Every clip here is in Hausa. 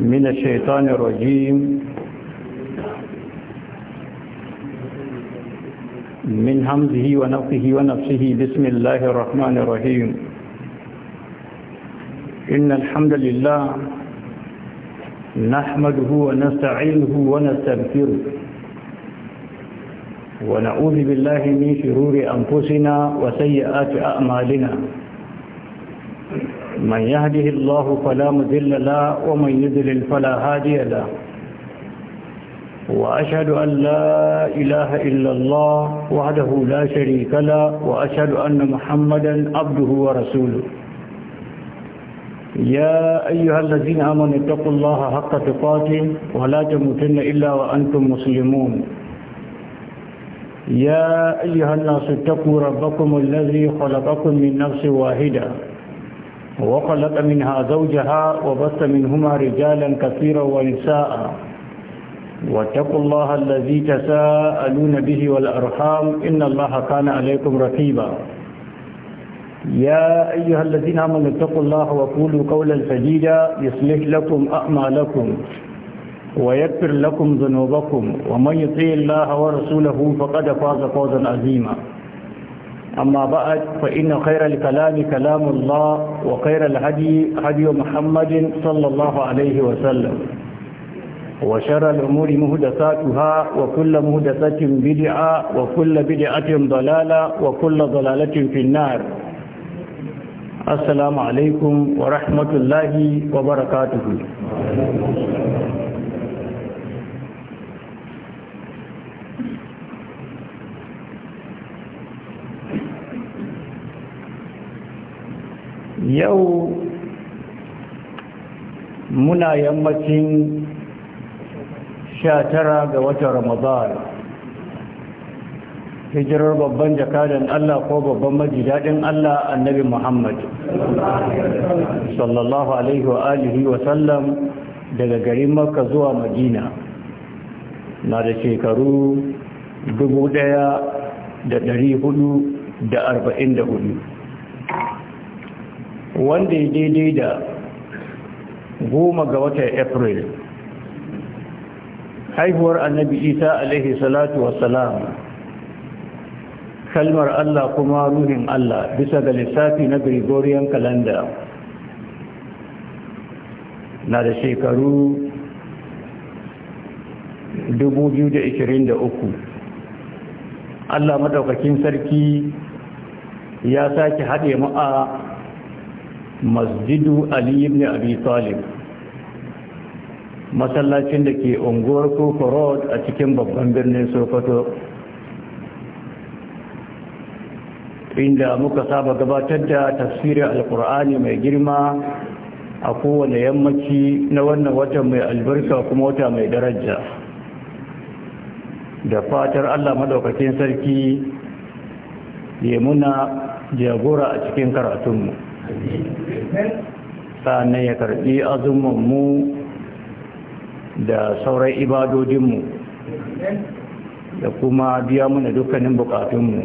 من الشيطان الرجيم من همزه ونفخه ونفسه بسم الله الرحمن الرحيم إن الحمد لله نحمده ونستعينه ونستغفره ونعوذ بالله من شرور أنفسنا وسيئات أعمالنا من يهده الله فلا مذل لا ومن يذلل فلا هادي لا وأشهد أن لا إله إلا الله وحده لا شريك لا وأشهد أن محمدا عبده ورسوله يا أيها الذين آمنوا اتقوا الله حق تقاته ولا تموتن إلا وأنتم مسلمون يا أيها الناس اتقوا ربكم الذي خلقكم من نفس واحدة وخلق منها زوجها وبث منهما رجالا كثيرا ونساء واتقوا الله الذي تساءلون به والأرحام إن الله كان عليكم رقيبا يا أيها الذين آمنوا اتقوا الله وقولوا قولا سديدا يصلح لكم أعمالكم ويكفر لكم ذنوبكم ومن يطيع الله ورسوله فقد فاز فوزا عظيما أما بعد فإن خير الكلام كلام الله وخير الهدي هدي محمد صلى الله عليه وسلم وشر الأمور مهدساتها وكل مهدسة بدعة وكل بدعة ضلالة وكل ضلالة في النار السلام عليكم ورحمة الله وبركاته yau muna yammacin sha tara ga watan ramadan hijirar babban jakadan Allah ko babban majidadin Allah annabi Muhammad sallallahu alaihi wa alihi wa sallam daga garin Makka zuwa Madina na da shekaru hudu. wanda ya daidai da goma ga watan april haihuwar annabi isa alaihi salatu wasalam kalmar allah kuma ruhin allah bisa ga lissafi na gregorian calendar na da shekaru 2023 allah madaukakin sarki ya sake haɗe mua masjidu ali ibn abi talib masallacin da ke unguwar koko road a cikin babban birnin sokoto inda muka saba gabatar da tafsirin alkur'ani mai girma a kowane yammaci na wannan watan mai albarka kuma wata mai daraja da fatar allah maɗaukacin sarki ya muna jagora a cikin karatunmu sa'annan ya karbi azumanmu da sauran ibadodinmu da kuma biya mana dukkanin bukatunmu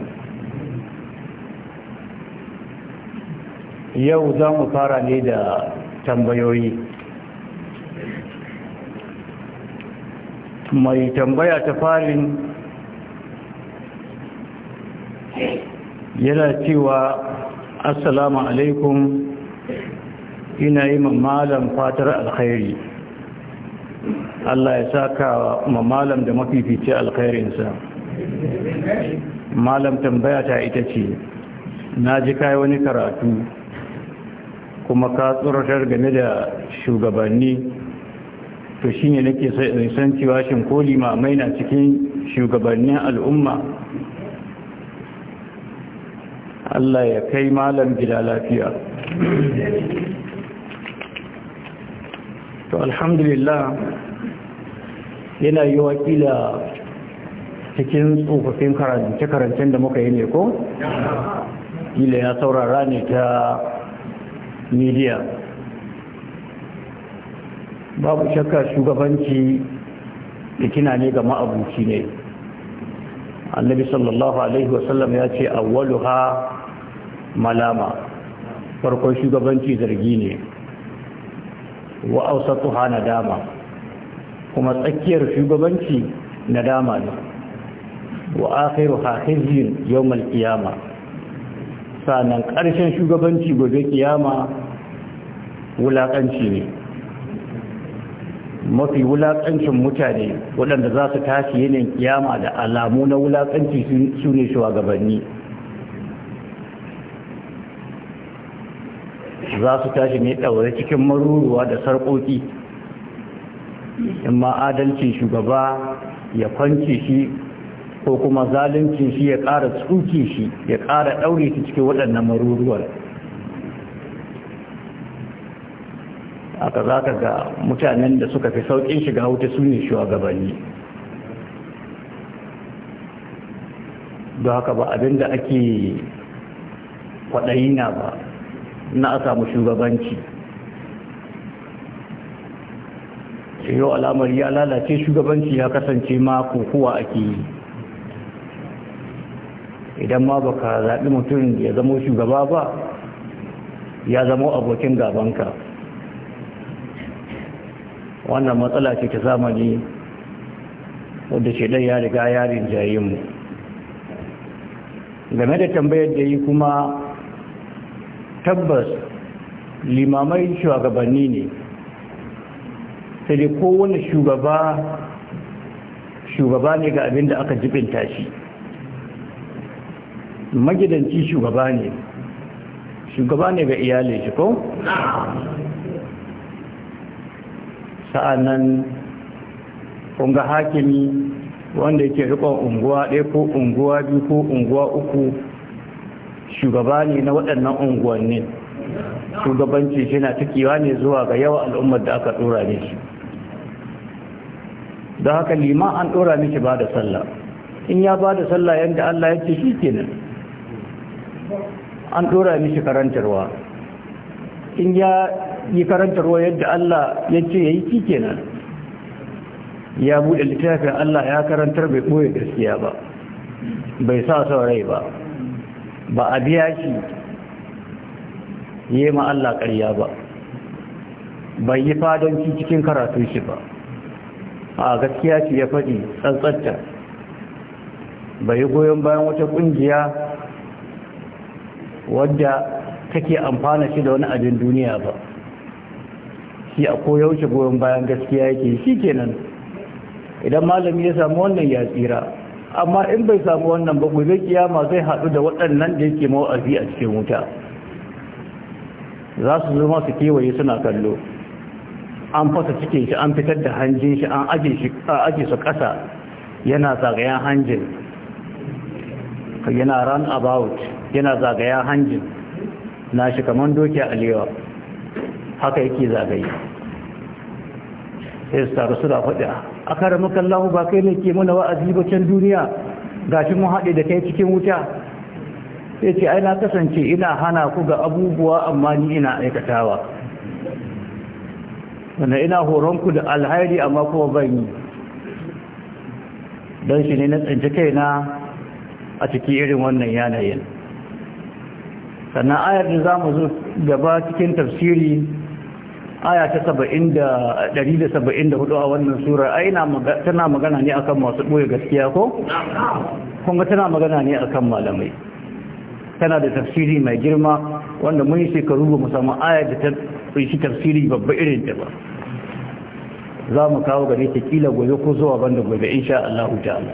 yau za mu fara ne da tambayoyi mai tambaya ta farin yana cewa assalamu alaikum ina yi mamalan fatar alkhairi Allah ya saka mamalan da mafifice alkhairinsa malam tambaya ta ita ce na ji kai wani karatu kuma ka tsoratar game da shugabanni to shi ne nake san cewa shin ko mai na cikin shugabannin al'umma Allah ya kai malam gida lafiya to alhamdulillah yana yi wakila cikin tsofaffin karance-karancen da muka yi ne ko? ila ya saurara ne ta media babu shakka shugabanci da kina ne ga ma'abuci ne annabi sallallahu alaihi wasallam ya ce awwaluha malama farkon shugabanci zargi ne wa na dama kuma tsakiyar shugabanci nadama ne wa akhiruha yawm al qiyama sanan ƙarshen shugabanci gobe kiyama wulakanci ne mafi wulakancin mutane waɗanda za su tashi yanayin kiyama da alamu na wulakanci su ne shugabanni za su tashi ne ɗaure cikin maruruwa da sarƙoƙi in adalcin shugaba ya kwanci shi ko kuma zalincin shi ya ƙara tsuki shi ya ƙara ɗaure shi cikin waɗannan maruruwar aka za ka ga mutanen da suka fi sauƙin shiga wuta su ne shugabanni don haka ba abin da ake kwaɗayina ba na a samu shugabanci yau alamar ya lalace shugabanci ya kasance ma kokowa ake yi idan ma baka zaɓi mutum ya zama shugaba ba ya zama abokin gabanka wannan matsala ce ta zamani wadda ce ɗan ya riga yarin jayinmu game da tambayar da yi kuma tabbas limamai shugabanni ne sai dai kowane shugaba shugaba ne ga abin da aka jibinta shi magidanci shugaba ne shugaba ne ga iyalin shi ko? sa'annan kunga hakimi wanda yake rikon unguwa ɗaya ko unguwa biyu ko unguwa uku shugaba ne na waɗannan unguwannin shugabanci shi na tukewa ne zuwa ga yawa al'ummar da aka ɗora ne shi da haka liman an ɗora miki ba da sallah in ya ba da sallah yadda Allah ya ce shi kenan an ɗora miki karantarwa in ya yi karantarwa yadda Allah ya ce ya yi shi kenan ya buɗe littafin Allah ya karantar bai ɓoye gaskiya ba bai sa saurayi ba ba a biya shi yi ma Allah ƙarya ba bai yi fadanci cikin karatu shi ba a gaskiya shi ya faɗi tsantsatta bai yi goyon bayan wata ƙungiya wadda take amfana shi da wani abin duniya ba shi a koyaushe goyon bayan gaskiya yake shi kenan idan malami ya samu wannan ya tsira amma in bai samu wannan ba gobe kiyama zai haɗu da waɗannan da yake mawa'azi a cikin wuta za su zama su kewaye suna kallo an fasa cikin shi an fitar da hanjin shi an aje su ƙasa yana zagayen hanjin yana run about yana zagayen hanjin na shi kamar doki a alewa haka yake zagaye sai su taru suna faɗi a karamuka Allah ba kai ne ke mana wa'azi ba can duniya shi mun haɗe da kai cikin wuta sai ce ai na kasance ina hana ku ga abubuwa amma ni ina aikatawa wannan ina horon ku da alhairi amma kuma ban yi don shi ne na tsinci kaina a ciki irin wannan yanayin sannan ayar da za mu zo gaba cikin tafsiri aya ta 174 a wannan sura ai tana magana ne akan masu ɓoye gaskiya ko kuma tana magana ne akan malamai tana da tafsiri mai girma wanda mun yi shekaru ba musamman aya da ta kunshi tafsiri babba irin ta ba za mu kawo gare ta kila gobe ko zuwa banda gobe insha Allah ta'ala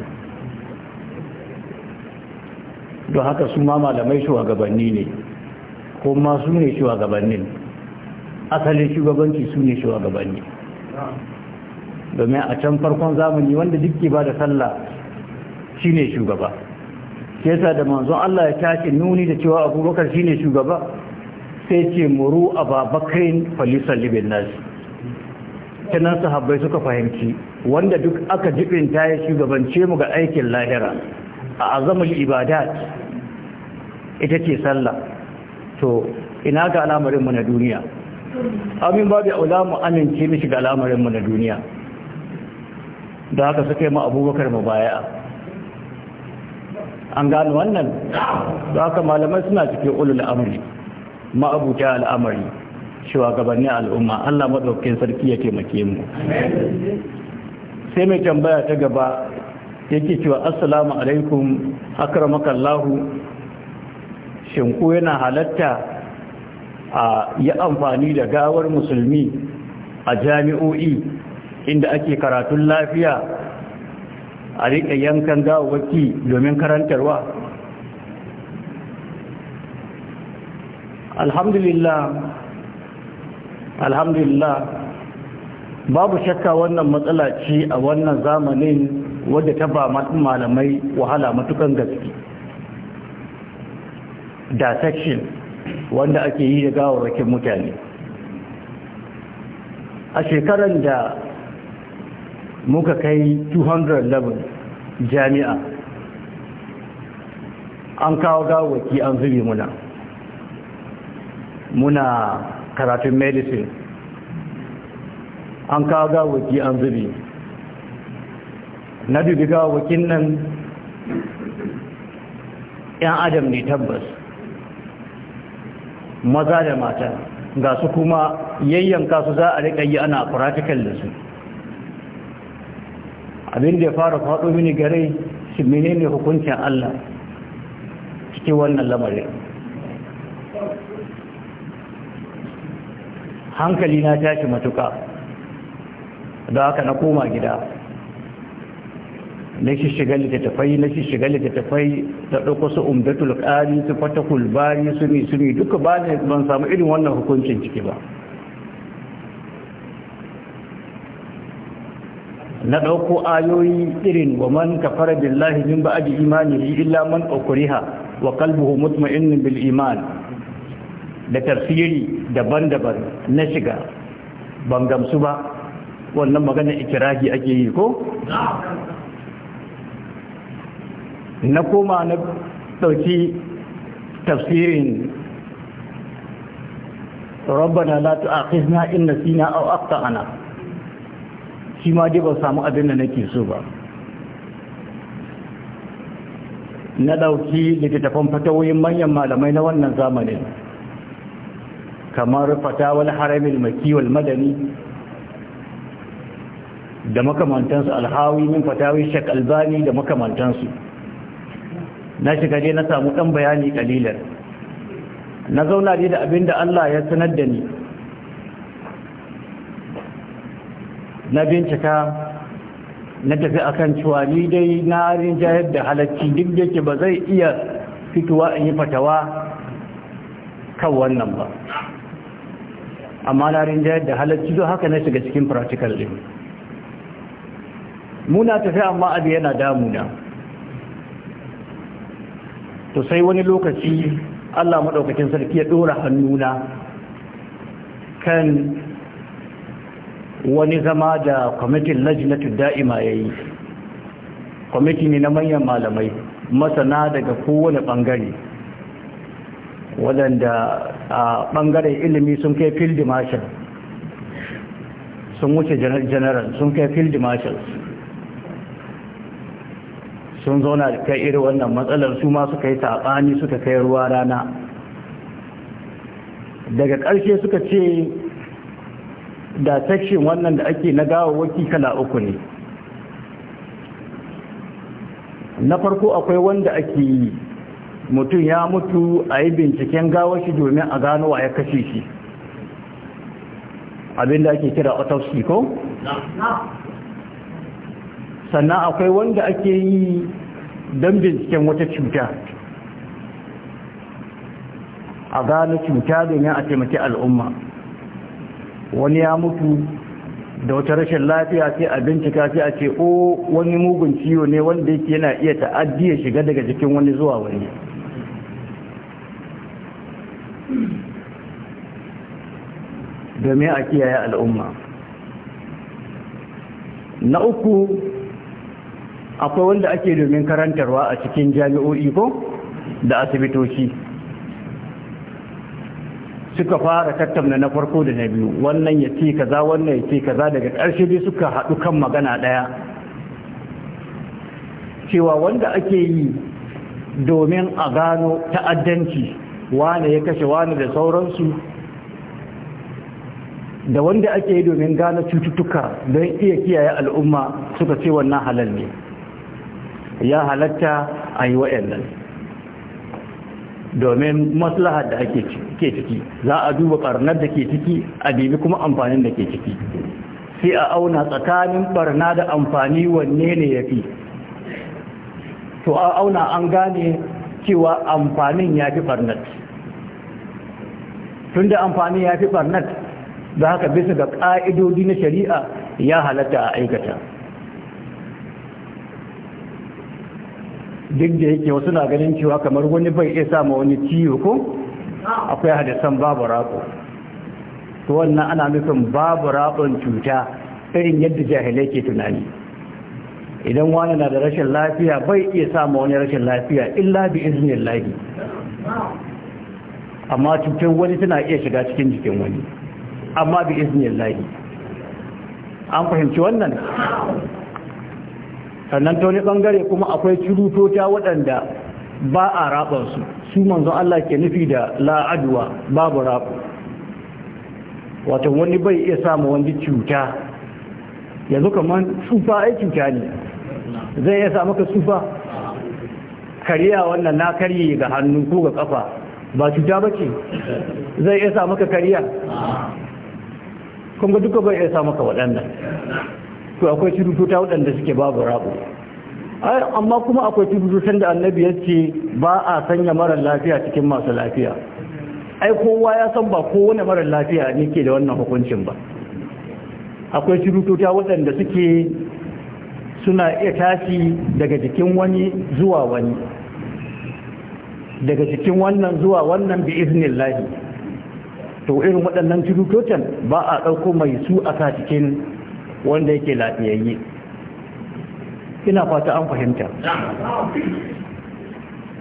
don haka su ma malamai shugabanni ne kuma su ne shugabannin asalin shugabanci su ne shugabanni domin a can farkon zamani wanda duk bada ba da sallah shi ne shugaba ke sa da manzon Allah ya tashi nuni da cewa abubakar shi ne shugaba sai ce muru a babakain falisar libin nasi su sahabbai suka fahimci wanda duk aka ta ya shugabance mu ga aikin lahira a azamul ibadat ita ce sallah to ina ga al'amarinmu na duniya amin babu aula mu amince mishi ga al'amarinmu na duniya da haka suka yi ma abubakar mu baya an gano wannan da haka malamai suna cikin ulul amri ma'abuta al'amari shugabanni al'umma Allah madaukakin sarki ya taimake mu sai mai tambaya ta gaba yake cewa assalamu alaikum akramakallahu shin ko yana halatta a yi amfani da gawar musulmi a jami'o'i inda ake karatun lafiya a riƙe yankan gawawaki domin karantarwa alhamdulillah alhamdulillah babu shakka wannan matsala ce a wannan zamanin wadda ta ba malamai wahala matukan gaske da section wanda ake yi da gawarrakin mutane a shekarar da muka kai 211 jami'a an kawo gawarraki an zube muna muna karatun medicine an kawo gawarraki an zube na dubi gawarrakin nan 'yan adam ne tabbas maza da mata ga su kuma yayyanka su za a riƙa yi ana practical da su abin da ya fara faɗo mini gare shi ne hukuncin Allah cikin wannan lamarin hankali na tashi matuƙa da aka na koma gida na shiga littattafai na shi shiga littattafai ta ɗauko su umdatul ƙari su fata kulbari su ne su ne duka ba ne ban samu irin wannan hukuncin ciki ba na ɗauko ayoyi irin wa man kafara billahi min imani imanihi illa man ukriha wa qalbuhu mutma'innun bil iman da tafsiri daban-daban na shiga ban gamsu ba wannan magana ikirahi ake yi ko na koma na ɗauki tafsirin rabbana la tu'akhizna in nasina aw akhtana shi ma dai ba samu abin da nake so ba na ɗauki littattafan fatawoyin manyan malamai na wannan zamanin kamar fatawar haramin makiwal madani da makamantansu alhawi min fatawai shek albani da makamantansu na shiga dai na samu ɗan bayani ƙalilar. na zauna dai da abin da Allah ya sanar da ni na bincika na tafi akan cewa ni dai na rinjayar da halacci duk da ke ba zai iya fitowa in yi fatawa kan wannan ba amma na rinjayar da halacci don haka na shiga cikin practical din muna tafi amma abu yana damuna to sai wani lokaci Allah maɗaukakin sarki ya ɗora hannuna kan wani zama da kwamitin lajinatu da'ima ya yi kwamiti ne na manyan malamai masana daga kowane ɓangare waɗanda a ɓangaren ilimi sun kai field marshal sun wuce general sun kai field marshal sun zauna da kai irin wannan matsalar su ma suka yi saɓani suka kai ruwa rana daga ƙarshe suka ce da section wannan da ake na gawawaki kala uku ne na farko akwai wanda ake yi mutum ya mutu a yi binciken gawashi domin a gano wa ya kashe shi abinda ake kira autopsy ko? sannan akwai wanda ake yi don binciken wata cuta a gano cuta domin a taimaki al'umma wani ya mutu da wata rashin lafiya sai a bincika sai a ce o wani mugun ciwo ne wanda yake yana iya ta'addi ya shiga daga jikin wani zuwa wani domin a kiyaye al'umma na uku akwai wanda ake domin karantarwa a cikin jami'o'i ko da asibitoci suka fara tattauna na farko da na biyu wannan ya ce kaza wannan ya ce kaza daga ƙarshe dai suka haɗu kan magana ɗaya cewa wanda ake yi domin a gano ta'addanci wane ya kashe wane da sauransu da wanda ake yi domin gano cututtuka don iya kiyaye al'umma suka ce wannan halal ne ya halatta a yi wa'annan domin maslahar da ake ciki za a duba ɓarnar da ke ciki a bibi kuma amfanin da ke ciki sai a auna tsakanin barna da amfani wanne ne ya fi to a auna an gane cewa amfanin ya fi barnat tun da amfanin ya fi barnat da haka bisa ga ƙa'idodi na shari'a ya halatta a aikata duk da yake wasu na ganin cewa kamar wani bai iya sama wani ciwo ko akwai hadisan babu rako to wannan ana nufin babu rakon cuta irin yadda jahilai ke tunani idan wani na da rashin lafiya bai iya sama wani rashin lafiya illa bi izinin lahi amma cutar wani tana iya shiga cikin jikin wani amma bi izinin lahi an fahimci wannan sannan ta wani bangare kuma akwai cirutota waɗanda ba a rabansu su manzon Allah ke nufi da la'aduwa babu rabu wato wani bai iya samu wani cuta yanzu kamar tsufa ai cuta ne zai iya samu ka tsufa kariya wannan na karye ga hannu ko ga kafa ba cuta ba ce zai iya samu ka kariya kuma duka bai iya samu ka waɗannan to akwai cutututa waɗanda suke babu rabo amma kuma akwai cututun da annabi ya ce ba a sanya mara lafiya cikin masu lafiya ai kowa ya san ba kowane mara lafiya ne ke da wannan hukuncin ba akwai cutututa waɗanda suke suna iya tashi daga jikin wani zuwa wani daga jikin wannan zuwa wannan bi iznin lahi to irin waɗannan cututun ba a ɗauko mai su a cikin wanda yake lafiyayye ina fata an fahimta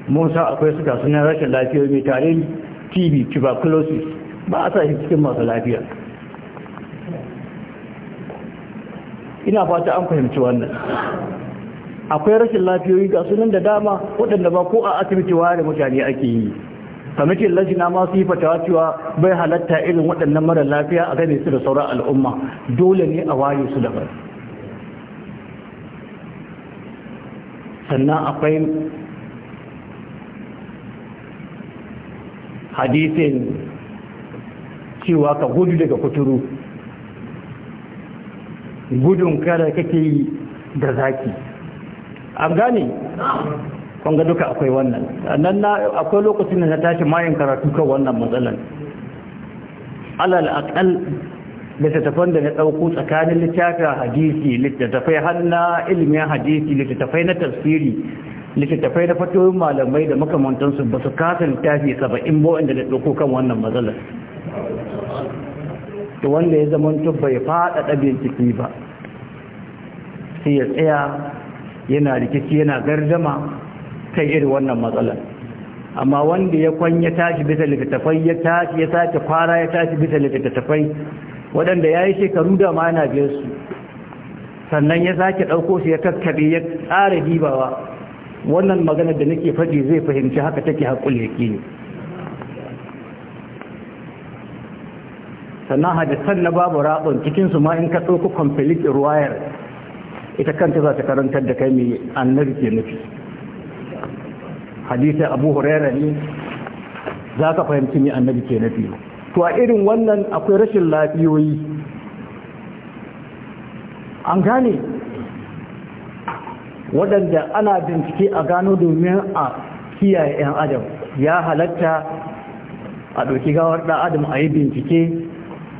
musa akwai suka suna rashin lafiya mai tarin tb tuberculosis ba a sa shi cikin masu lafiya ina fata an fahimci wannan akwai rashin lafiyoyi ga sunan da dama waɗanda ba ko a asibiti ware mutane ake yi kwamitin na ma su yi fatawa cewa bai halatta irin waɗannan mara lafiya a gane su da sauran al'umma dole ne a waye su daban sannan akwai hadisin cewa ka gudu daga kuturu gudun kada kake yi da zaki an gane kun duka akwai wannan Nan na akwai lokacin da na tashi mayin karatu kan wannan matsalan alal aqal littattafan da na ɗauko tsakanin littafin hadisi littattafai hanna ilimin hadisi littattafai na tafsiri littattafai na fatoyin malamai da makamantansu ba su kasa littafi saba'in ba wanda na ɗauko kan wannan matsalar to wanda ya zama bai faɗaɗa bincike ba sai ya tsaya yana rikici yana gardama ta irin wannan matsalar amma wanda ya kwanya tashi bisa littattafai ya tashi ya sake fara ya tashi bisa littattafai waɗanda ya yi shekaru da ma yana biyar su sannan ya sake ɗauko su ya kakkaɓe ya tsara dibawa wannan maganar da nake faɗi zai fahimci haka take haƙul yake ne sannan hadisan na babu raɓin cikinsu ma in ka ɗauko complete ruwayar ita kanta za ta karantar da kai mai annabi ke nufi hadisin abu huraira ne za ka fahimci ni annabi ke nafi to a irin wannan akwai rashin lafiyoyi an gane waɗanda ana bincike a gano domin a kiyaye 'yan adam ya halatta a ɗauki gawar ɗan adam a yi bincike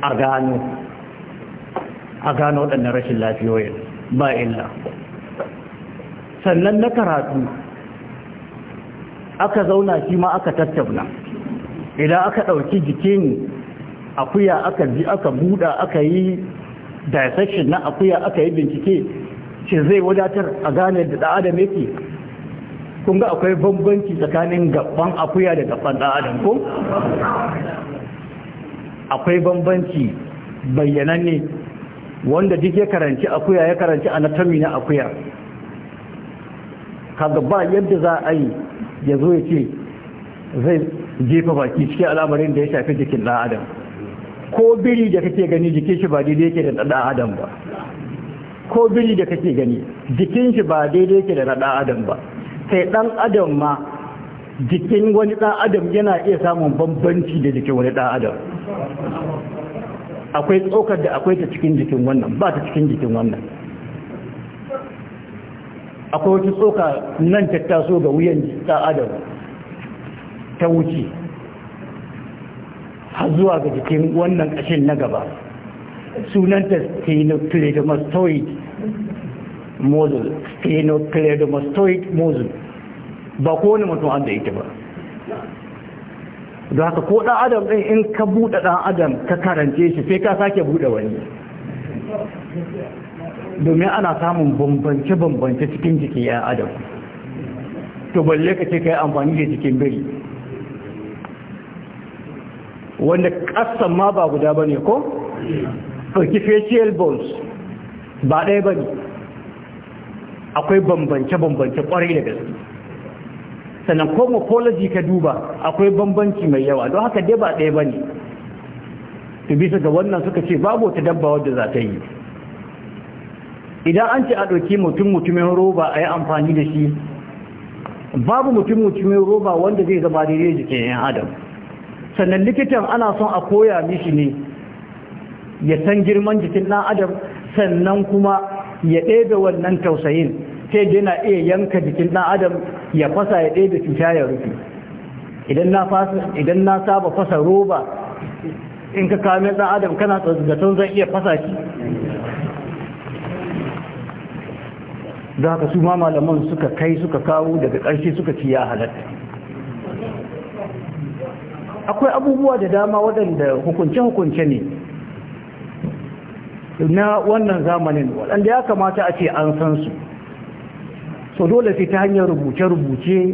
a gano a gano waɗannan rashin lafiyoyin ba illa sannan na karatu aka zauna shi ma aka tattauna idan aka ɗauki jikin akuya aka ji aka buɗa aka yi dissection na akuya aka yi bincike shi zai wadatar a gane da adam yake kun ga akwai bambanci tsakanin gaban akuya da gaban ɗan ko akwai bambanci bayyananne wanda duk ya karanci akuya ya karanci anatomy na akuya kaga ba yadda za a yi ya zo ya ce zai jefa baki cikin al'amarin da ya shafi jikin ɗan adam ko biri da kake gani jikin shi ba daidai yake da ɗan adam ba ko biri da kake gani jikin shi ba daidai yake da ɗan adam ba sai ɗan adam ma jikin wani ɗan adam yana iya samun bambanci da jikin wani ɗan adam akwai tsokar da akwai ta cikin jikin wannan ba ta cikin jikin wannan akwai wata tsoka nan ta taso ga wuyan ta adam ta wuce har zuwa ga jikin wannan ƙashin na gaba sunanta stenocleidomastoid mozul stenocleidomastoid mozul ba kowane mutum an da ita ba da haka ko ɗan adam ɗin in ka buɗe ɗan adam ka karance shi sai ka sake buɗe wani domin ana samun bambance-bambance cikin jikin ya adam to balle ka ce ka yi amfani da jikin biri wanda kasan ma ba guda ba ne ko? facial bones ba ɗaya ba ne akwai bambance-bambance ƙwarai da gaske sannan ko morphology ka duba akwai bambanci mai yawa don haka dai ba ɗaya ba ne to bisa ga wannan suka ce babu wata dabba wadda za ta yi idan an ce a ɗauki mutum-mutumin roba a yi amfani da shi babu mutum-mutumin roba wanda zai zama daidai jikin yan adam sannan likitan ana son a koya mishi ne ya san girman jikin ɗan adam sannan kuma ya ɗebe wannan tausayin sai yana iya yanka jikin ɗan adam ya fasa ya ɗebe cuta ya rufe idan na saba fasa roba in ka kame ɗan adam kana zaton zan iya fasa shi za ka su ma malaman suka kai suka kawo daga ƙarshe suka ci ya halatta akwai abubuwa da dama waɗanda hukunce-hukunce ne na wannan zamanin waɗanda ya kamata a ce an san su so dole sai ta hanyar rubuce-rubuce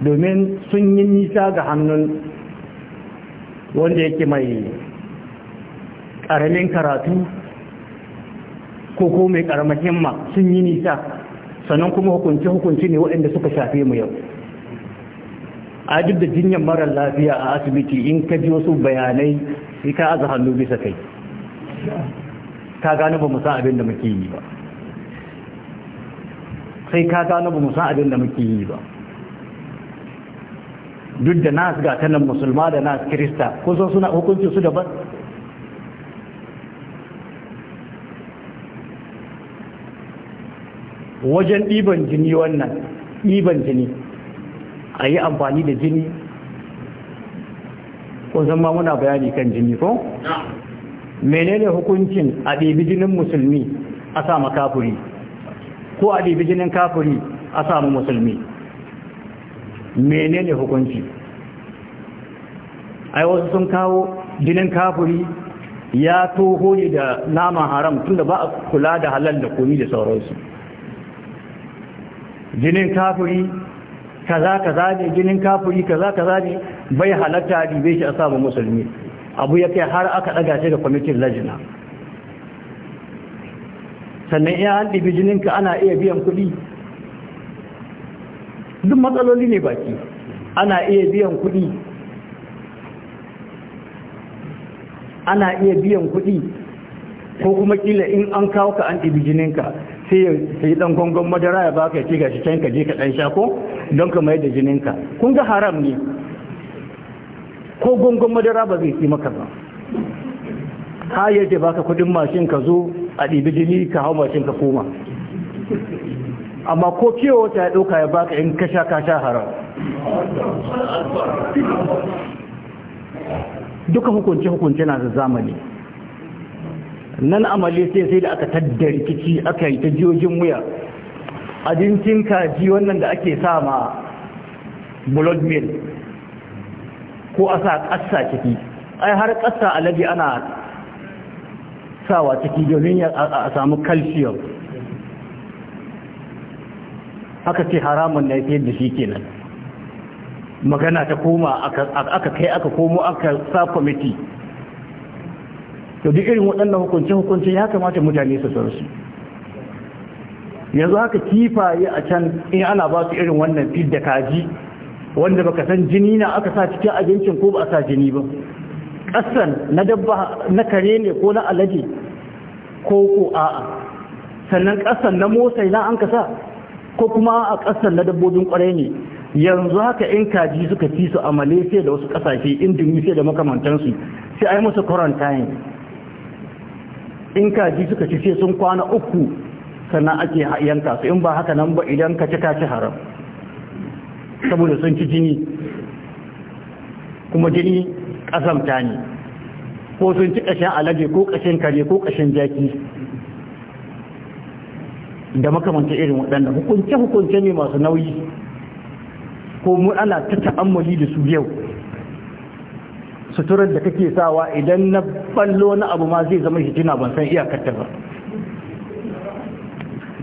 domin sun yi nisa ga hannun wanda yake mai ƙaramin karatu ko ko mai karamar himma sun yi nisa sannan kuma hukunci hukunci ne waɗanda suka shafe mu yau a duk da jinyar marar lafiya a asibiti in ka ji wasu bayanai sai ka aza hannu bisa kai ka gano ba mu san abin da muke yi ba sai ka gano ba mu san abin da muke yi ba duk da nas ga tanan musulma da nas kirista ko san suna hukuncin su daban wajen ɗiban jini wannan ɗiban jini a yi amfani da jini ko zama muna bayani kan jini ko? menene hukuncin a ɗebi jinin musulmi a sami kafuri ko a ɗebi jinin kafuri a samu musulmi menene hukunci ai wasu sun kawo jinin kafuri ya toho ne da naman haram tunda ba a kula da halal da komi da sauransu jinin kafiri kaza kaza ne jinin kafiri kaza kaza ne bai halatta ribe shi a samun musulmi abu ya kai har aka daga shi da kwamitin lajina sannan iya an ɗibi jininka ana iya biyan kuɗi duk matsaloli ne baki ana iya biyan kuɗi ana iya biyan kuɗi ko kuma kila in an kawo ka an ɗibi jininka sai ya sai dan gongon madara ya baka ci gashi can ka je ka dan sha ko don ka mai da jininka kun ga haram ne ko gongon madara ba zai yi maka ba ha yadda baka kudin mashin ka zo a ɗibi jini ka hau mashin ka koma amma ko kewa wata ya ɗauka ya baka in ka sha ka sha haram duka hukunce hukunce na da zamani nan amali sai sai da aka taddarkici rikici aka yi ta jiyojin wuya abincin kaji wannan da ake sa ma blood meal ko a sa ƙasa ciki ai har ƙasa alaji ana sawa ciki domin a samu calcium aka ce haramun na yake da shi kenan magana ta koma aka kai aka komo aka sa kwamiti to duk irin waɗannan hukunce-hukunce ya kamata mutane su san su yanzu haka kifaye a can in ana ba su irin wannan fil da kaji wanda baka san jini na aka sa cikin abincin ko ba a sa jini ba ƙasan na dabba na kare ne ko na alaji ko ko a'a sannan ƙasan na motsai na an ka sa ko kuma a ƙasan na dabbobin ƙwarai ne yanzu haka in kaji suka fi su a malaysia da wasu ƙasashe indonesia da makamantansu sai a yi musu quarantine in kaji suka ci sai sun kwana uku sannan ake yanka su in ba haka nan ba idan ka ci ka ci haram saboda sun ci jini kuma jini ƙazamta ne ko sun ci kashin alade ko kashin kare ko kashin jaki da makamanta irin waɗanda hukunce-hukunce ne masu nauyi ko mu'ala ta ta'ammali da su yau suturar da kake sawa idan na ballo na abu ma zai zama hijina ban san iyakar ta ba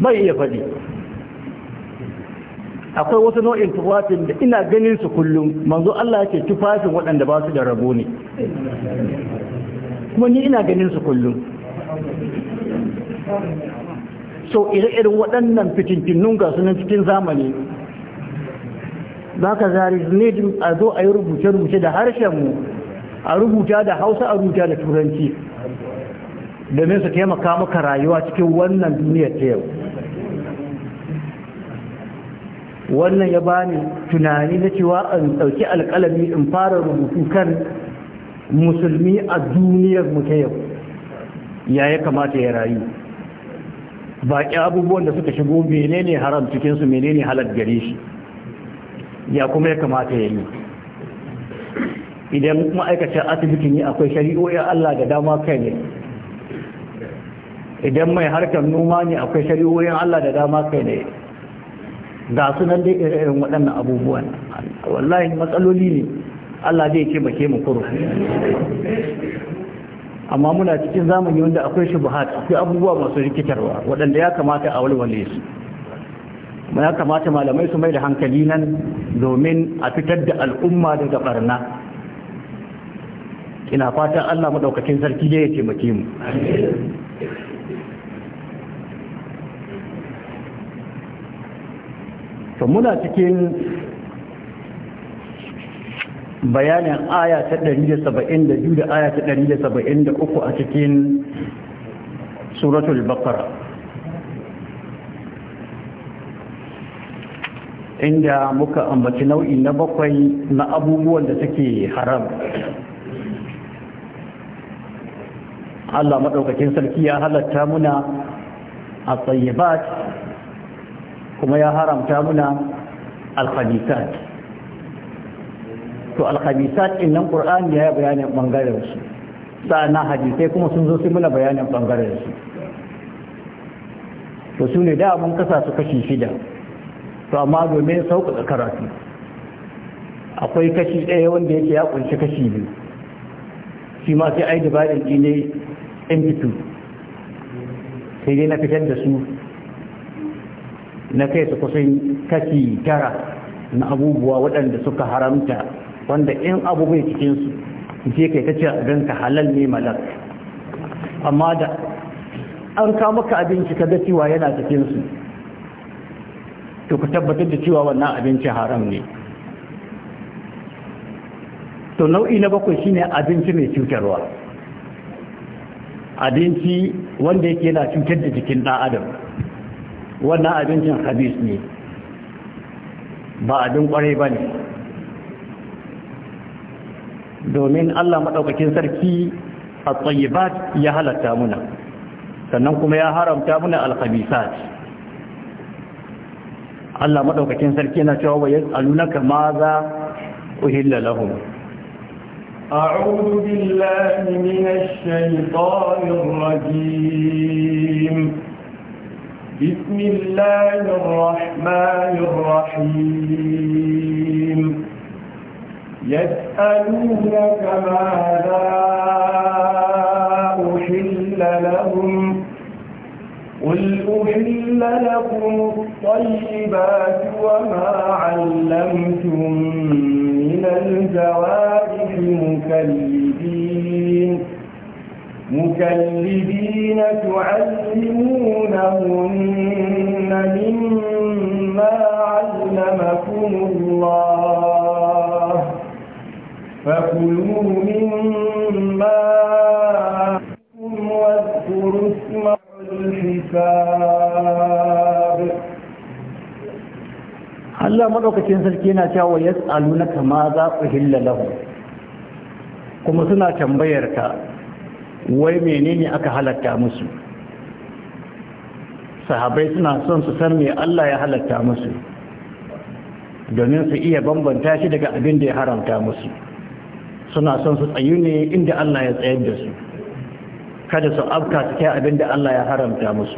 bai iya faɗi akwai wasu nau'in tufafin da ina ganin su kullum manzo Allah yake tufafin waɗanda ba su da rabo ne kuma ni ina ganin su kullum so ire-iren waɗannan fitinkinnun ga sunan cikin zamani za ka zari ne a zo a yi rubuce-rubuce da mu. a rubuta da hausa a rubuta da turanci domin su taimaka maka rayuwa cikin wannan duniyar ta yau wannan ya bani tunani na cewa in ɗauki alƙalami in fara rubutu kan musulmi a duniyar mu ta yau ya ya kamata ya rayu baƙi abubuwan da suka shigo menene haram cikinsu menene halar gare shi ya kuma ya kamata ya yi idan ma'aikacin asibitin yi akwai shari'o'i Allah da dama kai ne idan mai harkar noma ne akwai shari'o'in Allah da dama kai ne ga sunan dai irin waɗannan abubuwan wallahi matsaloli ne Allah zai ce bake mu kuro amma muna cikin zamani wanda akwai shubuhat akwai abubuwa masu rikitarwa waɗanda ya kamata a walwale su ya kamata malamai su mai da hankali nan domin a fitar da al'umma daga barna ina fatan Allah madaukakin sarki ne ya taimake mu to muna cikin bayanin aya ta 172 da aya ta 173 a cikin suratul baqara inda muka ambaci nau'i na bakwai na abubuwan da suke haram Allah maɗaukakin sarki ya halatta muna a tsayyabat kuma ya haramta muna alhamisat to alhamisat in nan ƙur'ani ya yi bayanin ɓangaren su sa'ana hadisai kuma sun zo su muna bayanin ɓangaren su to su ne da mun kasa su kashi shida to amma domin sauƙaƙa karatu akwai kashi ɗaya wanda yake ya ƙunshi kashi biyu shi ma sai ai dabarin ne in sai dai na fitar da su na kai su kusan kashi tara na abubuwa waɗanda suka haramta wanda in abu bai cikinsu je kai ta ce abin ka halal ne malar amma da an kama ka abinci ka ga cewa yana cikinsu to ka tabbatar da cewa wannan abinci haram ne to nau'i na bakwai shine abinci mai cutarwa abinci wanda yake na cutar da jikin ɗan adam wannan abincin habis ne ba abin kwarai ba ne domin allah maɗaukakin sarki a tsayibat ya halatta muna sannan kuma ya haramta muna alhabisat allah maɗaukakin sarki na cewa wa yanzu alunaka ma za uhilla أعوذ بالله من الشيطان الرجيم بسم الله الرحمن الرحيم يسألونك ماذا أحل لهم قل أحل لكم الطيبات وما علمتم من الجوارح مكلبين مكلبين تعلمونهن مما علمكم الله فكلوا مما واذكروا اسم الحساب Allah madaukakin sarki yana cewa yas'aluna kama za ku hilla lahu kuma suna tambayar ka wai menene aka halatta musu sahabai suna son su san me Allah ya halatta musu domin su iya bambanta shi daga abin da ya haramta musu suna son su tsayu ne inda Allah ya tsayar da su kada su abka su kai abin da Allah ya haramta musu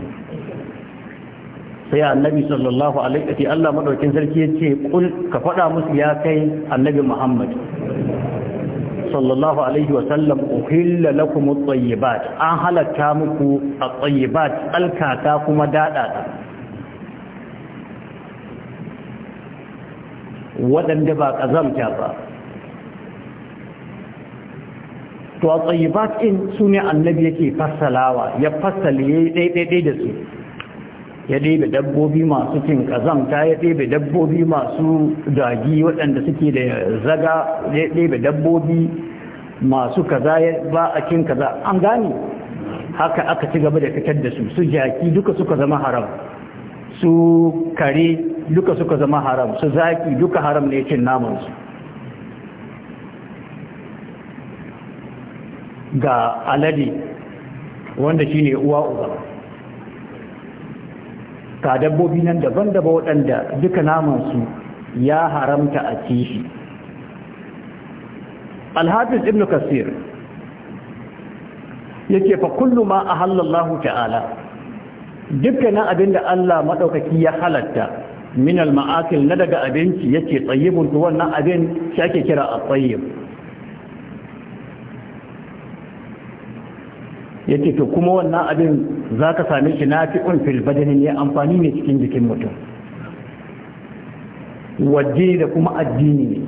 sai annabi sallallahu alaihi wasallam Allah madaukin sarki yace kul ka faɗa musu ya kai annabi Muhammad sallallahu alaihi wasallam uhilla lakum at-tayyibat an halatta muku at-tayyibat alkata kuma dadada waɗanda ba kazamta ba to at-tayyibat in sune annabi yake fassalawa ya fassale yayi daidai da su ya ɗebe dabbobi masu cin ta, ya ɗebe dabbobi masu dagi waɗanda suke da zaga ya ɗebe dabbobi masu kaza ya ba a cin kaza an gane haka aka ci gaba da fitar da su su jaki duka suka zama haram su kare duka suka zama haram su zaki duka haram ne cin namansu ga alade wanda shi ne uwa uba ka dabbobi nan daban-daban waɗanda duka namansu ya haramta a kishi alhafiz ibn kasir yake fa kullu ma ahallallahu ta'ala dukkanin abinda Allah madaukaki ya halatta min al-ma'akil na daga abinci yake tsayyibun to wannan abin shi ake kira at-tayyib yake to kuma wannan abin za ka same shi na fi unfil badani ne amfani ne cikin jikin mutum waje da kuma addini ne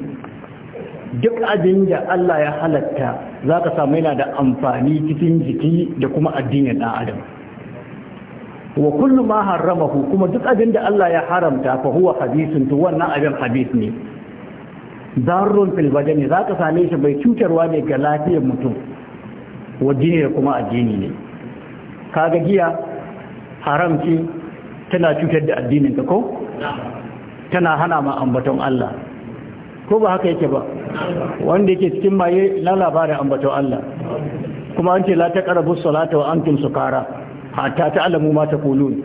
duk abin da Allah ya halatta za ka sami yana da amfani cikin jiki da kuma addinin ɗan adam wa kullu ma haramahu kuma duk abin da Allah ya haramta fa huwa hadisun to wannan abin hadis ne darrun fil badani za ka same shi bai cutarwa ne ga lafiyar mutum waje da kuma addini ne kaga giya haram ce tana cutar da addinin ka ko tana hana ma ambaton Allah ko ba haka yake ba wanda yake cikin maye na labarin ambaton Allah kuma an ce la taqrabu salata wa antum sukara hatta ta'lamu ma taqulun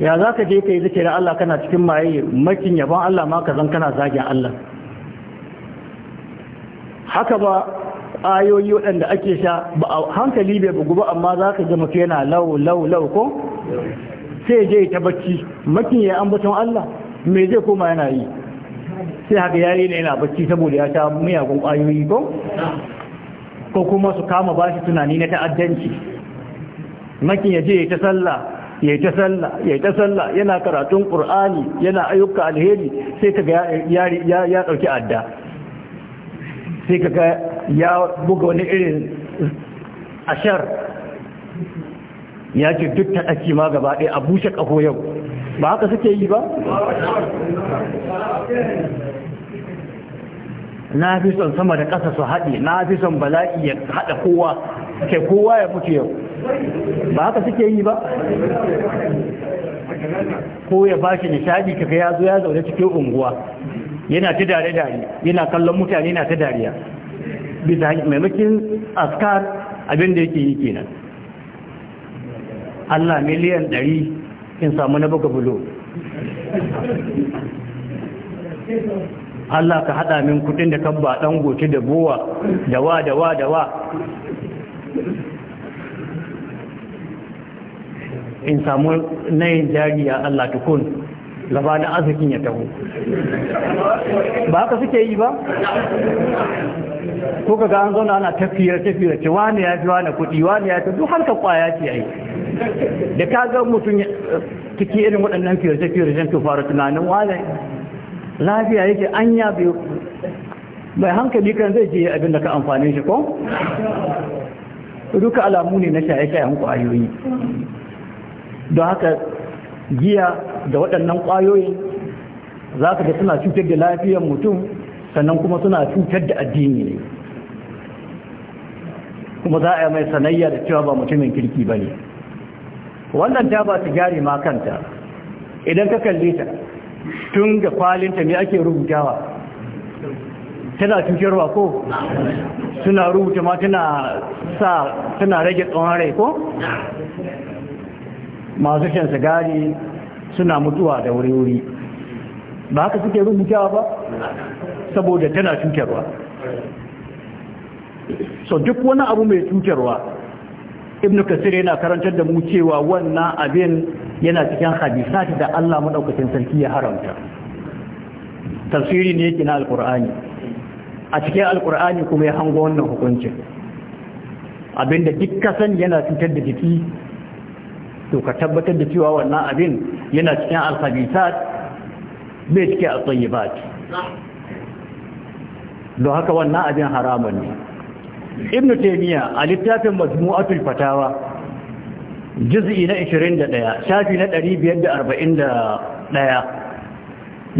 ya zaka je kai zikirin Allah kana cikin maye makin yabon Allah ma ka zan kana zagin Allah haka ba ayoyi waɗanda ake sha ba a hankali bai bugu ba amma za ka gama yana lau lau lau ko sai je ta bacci makin ya ambaton Allah me zai koma yana yi sai haka yayi ne yana bacci saboda ya sha miyagun ayoyi ko ko kuma su kama bashi tunani na ta'addanci makin ya je ya ta sallah ya ta sallah ya ta sallah yana karatun qur'ani yana ayyuka alheri sai ga ya ya dauki adda sai kaga ya buga wani irin ashar ya ce duk ta ɗaki ma gaba ɗaya a bushe ƙaho yau ba haka suke yi ba? na fi son sama da ƙasa su haɗe na fi son bala'i ya haɗa kowa ke kowa ya mutu yau ba haka suke yi ba ko ya ba shi nishadi kaka ya zo ya zaune cikin unguwa yana ta dare dare yana kallon mutane na ta dariya bisa maimakin askar abinda yake yi kenan Allah miliyan ɗari in samu na buga bulo Allah ka haɗa min kudin da kan ba ɗan goce da bowa da wa da wa da wa in samu nayin jariya Allah tukun gabanin arzikin ya taho ba haka suke yi ba ko kaga an zauna ana tafiye-tafiye ce wani ya fi wani kudi wani ya fi duk harkar kwaya ce yi da ka ga mutum kiki irin waɗannan fiye fiyarcen to fara tunanin wani lafiya yake anya mai hankali kan zai je abin da ka amfani shi ko duka alamu ne na shaye-shayen kwayoyi don haka giya da waɗannan ƙwayoyin za ka ga suna cutar da lafiyar mutum sannan kuma suna cutar da addini ne kuma za a yi mai sanayya da cewa ba mutumin kirki ba ne wannan ta ba su gyare ma kanta idan ka kalle ta tun ga kwalinta me ake rubutawa tana cutarwa ko suna rubuta ma tana sa tana rage tsawon rai ko masu shan sigari suna mutuwa da wuri-wuri ba haka suke rubutawa ba saboda tana cutarwa so duk wani abu mai cutarwa ibn kasir yana karantar da mu cewa wannan abin yana cikin hadisati da Allah madaukakin sarki ya haramta tafsiri ne yake na alqur'ani a cikin alqur'ani kuma ya hango wannan hukuncin abinda duk kasan yana cutar da jiki to ka tabbatar da cewa wannan abin yana cikin alhabisat bai cike a tsayibat don haka wannan abin haramun ne ibn taymiya a littafin majmu'atul fatawa juz'i na 21 shafi na 541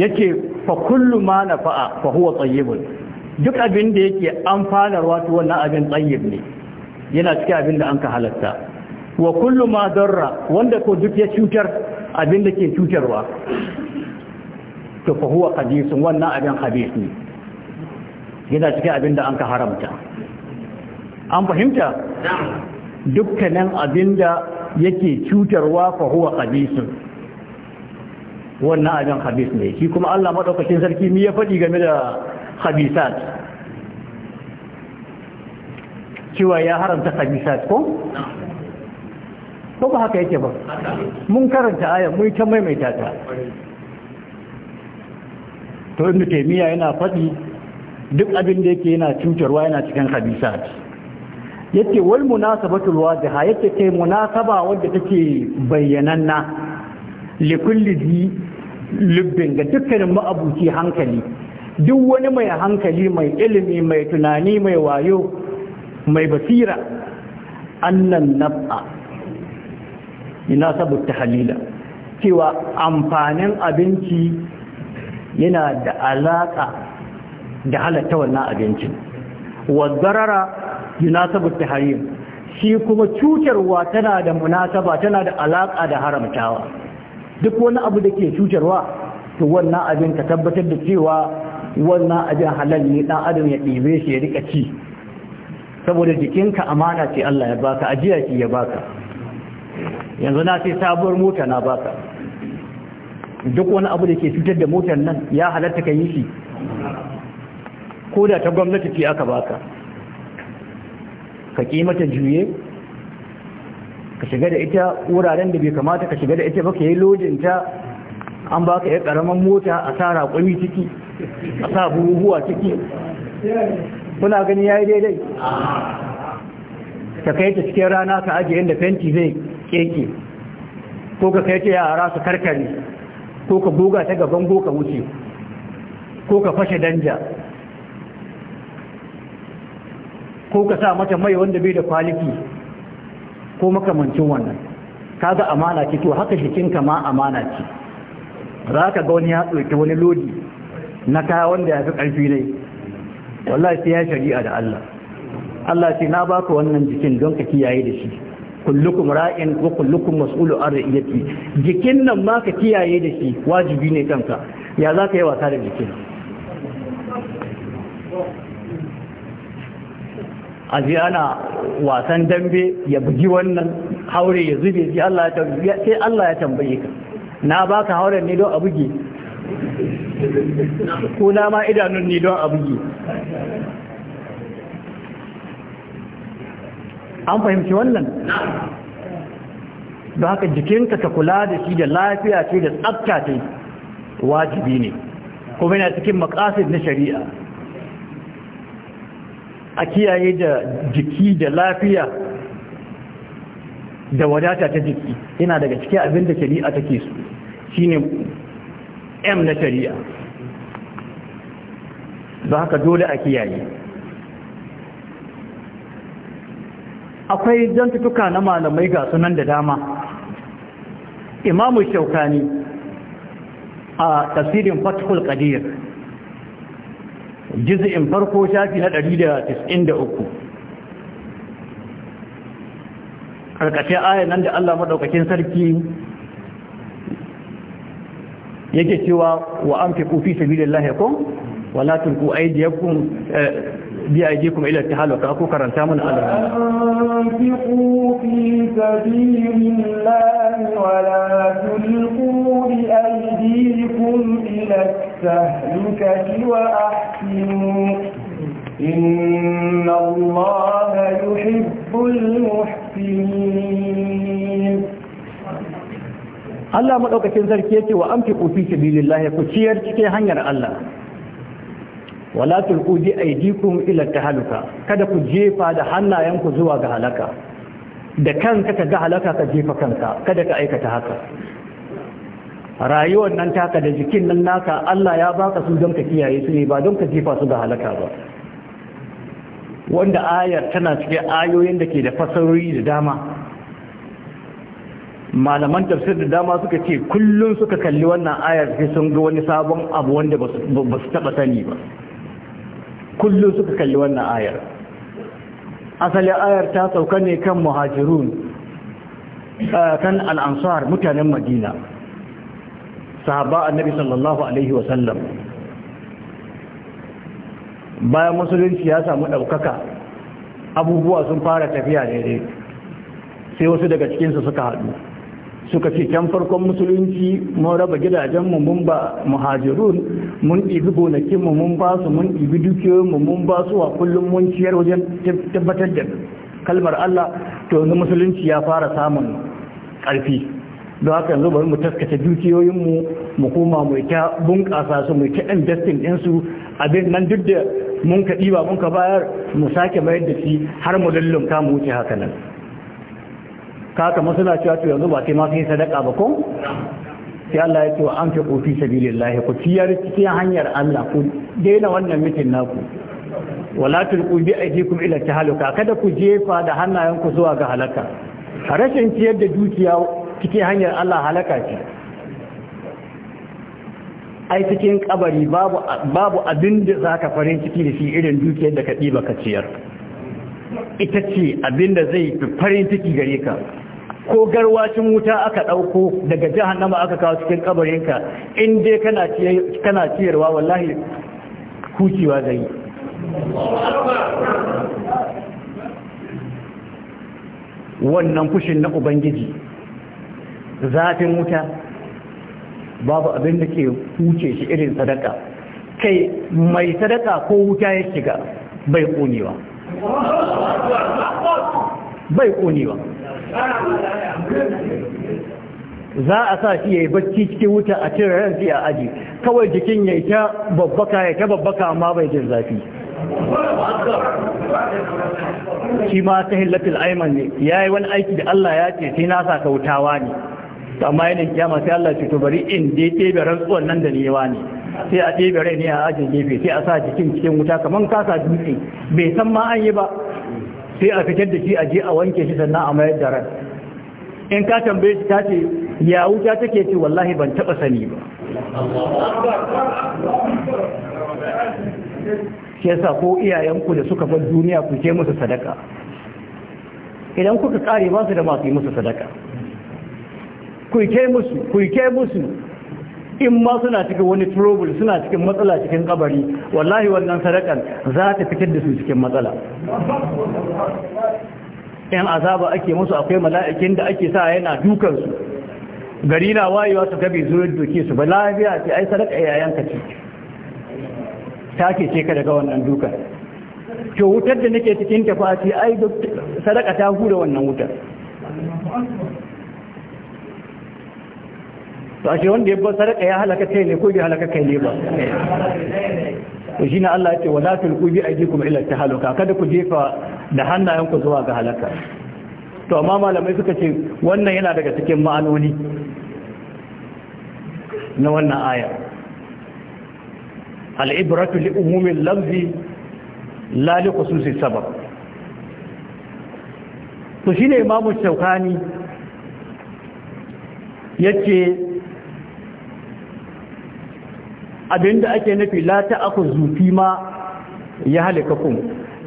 yake fa kullu ma nafa'a fa huwa tayyibun duk abin da yake amfanar wato wannan abin tayyib ne yana cike abin da ka halatta wa kullu ma darra wanda ko duk ya cutar abin da ke cutarwa to fa huwa hadisun wannan abin hadis ne yana cikin abin da an ka haramta an fahimta dukkanin abin da yake cutarwa fa huwa hadisun wannan abin hadis ne shi kuma Allah madaukakin sarki mi ya faɗi game da habisat cewa ya haramta habisat ko ko ba haka yake ba mun karanta aya mun ta maimaita ta to ibnu taimiyya yana faɗi duk abin da yake yana cutarwa yana cikin hadisa yake wal munasabatul wadiha yake kai munasaba wanda take bayyananna li kulli di lubbin ga dukkanin ma'abuci hankali duk wani mai hankali mai ilimi mai tunani mai wayo mai basira annan naf'a ina saboda halila cewa amfanin abinci yana da alaƙa da halatta wannan abincin wadarara ta halila shi kuma cutarwa tana da munasaba tana da alaƙa da haramtawa duk wani abu da ke cutarwa to wannan abin ka tabbatar da cewa wannan abin halal ne dan adam ya ɗibe shi ya rika ci saboda jikinka amana ce Allah ya baka ajiya ce ya baka yanzu na sai sabuwar mota na baka duk wani abu da ke cutar da motar nan ya halatta ka yi shi ko da ta gwamnati ce aka baka ka mata juye ka shiga da ita wuraren da bai kamata ka shiga da ita ba ka yi lodinta an baka ya karamin mota a sa raƙwami ciki a sa buhuhuwa ciki kuna gani ya yi daidai ka kai ta cikin rana ka ajiye inda fenti zai keke ko ka kai ta yara su karkare ko ka buga ta gaban go ka wuce ko ka fashe danja ko ka sa mata mai wanda bai da kwaliki ko makamancin wannan kaga amana ce to haka jikinka ma amana ce za ka ga wani ya wani lodi na kaya wanda ya fi ƙarfi ne wallahi sai ya shari'a da Allah Allah sai na baka wannan jikin don ka kiyaye da shi kullukum ra'in wa kullukum mas'ulu an ra'iyati jikin nan ma ka kiyaye da shi wajibi ne kanka ya za ka yi wasa da jikin a ji ana wasan dambe ya bugi wannan haure ya zube sai Allah ya sai Allah ya tambaye ka na baka hauren ne don a buge ko na ma idanun ne don a buge an fahimci wannan da haka jikinka ka kula da shi da lafiya ce da tsabta ce wajibi ne kuma yana cikin makasid na shari'a a kiyaye da jiki da lafiya da wadata ta jiki yana daga cikin abin da shari'a take su shine m na shari'a ba haka dole a kiyaye akwai jantutuka na malamai ga sunan da dama imamu shaukani a tasirin fatihul qadir in farko shafi na ɗari 193 karkashin ayan nan da Allah maɗaukakin sarki yake cewa wa anfiqu fi sabilillahi kum wala tulqu aydiyakum eh, biya yaje kuma ila ta tahaluka ko karanta mana Allah anfiqu fi sabilillahi wa la tulqu bi aydikum ila tahlukati wa ahsinu inna Allaha yuhibbul muhsinin Allah madaukakin sarki yace wa anfiqu fi sabilillahi ku ciyar cikin hanyar Allah wala tulqu bi aydikum ila tahaluka kada ku jefa da hannayenku zuwa ga halaka da kanka ka ga halaka ka jefa kanka kada ka aikata haka rayuwar nan taka da jikin nan naka Allah ya baka su don ka kiyaye su ne ba don ka jefa su ga halaka ba wanda ayar tana cikin ayoyin da ke da fasarori da dama malaman tafsir da dama suka ce kullum suka kalli wannan ayar sai sun ga wani sabon abu wanda ba su taba sani ba kullum suka kalli wannan ayar asalin ayar ta sauka ne kan muhajirun eh, kan al'ansar mutanen madina sahaba annabi sallallahu alaihi wasallam bayan musulunci ya samu ɗaukaka abubuwa sun fara tafiya daidai sai wasu daga cikinsu suka haɗu suka ce can farkon musulunci mun raba gidajenmu mun ba muhajirun mun ibi gonakinmu mun ba su mun ibi dukiyoyinmu mun ba su wa kullum mun ciyar wajen tabbatar da kalmar Allah to yanzu musulunci ya fara samun ƙarfi don haka yanzu bari mu taskace dukiyoyinmu mu koma mu ta bunƙasa su mu ta investing ɗinsu abin nan duk da mun ka ɗiba mun ka bayar mu sake mayar da shi har mu ta mu wuce haka nan kaka masu na cewa yanzu ba sai ma sai sadaka ba ko sai Allah ya ce wa an fi kofi sabilillahi ku ciyar cikin hanyar Allah ku daina wannan mitin naku wala tulqu bi aydikum ila tahaluka kada ku jefa da hannayen ku zuwa ga halaka rashin ciyar da dukiya cikin hanyar Allah halaka ce ai cikin kabari babu babu abin da zaka farin ciki da shi irin dukiyar da ka diba ka ciyar ita ce abinda zai fi farin ciki gare ka ko garwacin wuta aka ɗauko daga jahannama aka kawo cikin kabarinka in dai kana kana ciyarwa wallahi kuciwa zai wannan fushin na ubangiji zafin wuta babu abin da ke huce shi irin sadaka kai mai sadaka ko wuta ya shiga bai ƙonewa bai ba za a sa shi ya yi bacci cikin wuta a cire ransu a aji kawai jikin ya ta babbaka ya ta babbaka amma bai jin zafi shi ma ta hillatul aiman ne ya yi wani aiki da Allah ya ce sai na sa kautawa ne amma yanin kiyama sai Allah to bari in je tebe rantsuwan nan da niyewa ne sai a tebe rai ne a ajin gefe sai a sa jikin cikin wuta kaman kasa dutse bai san ma an yi ba sai a fitar da shi a je a wanke shi sannan a mayar da ran in ka tambaye shi ta ce ya wuta take ce wallahi ban taba sani ba shi sa ko iyayenku da suka bar duniya ku ke musu sadaka idan kuka kare ba su da masu yi musu sadaka kuike musu kuike musu in ma suna cikin wani trouble suna cikin matsala cikin kabari wallahi wannan sadakan za ta fitar da su cikin matsala yan azaba ake musu akwai mala'ikin da ake sa yana dukan su gari na wayewa su gabe zuwa doke su ba lafiya ce ai sadaka yayan ka ce ke ce ka daga wannan dukan to wutar da nake cikin tafi ai sadaka ta hura wannan wutar to ashe wanda ya bar sadaka ya halaka kai ne ko bai halaka kai ne ba to na Allah ya ce wala tulqu bi aydikum ila tahaluka kada ku jefa da ku zuwa ga halaka to amma malamai suka ce wannan yana daga cikin ma'anoni na wannan aya al'ibratu li umumin lamzi la li khususi sabab to shine imamu shaukani yace abinda ake nufi la ta'khudhu zufi ma ya halakakum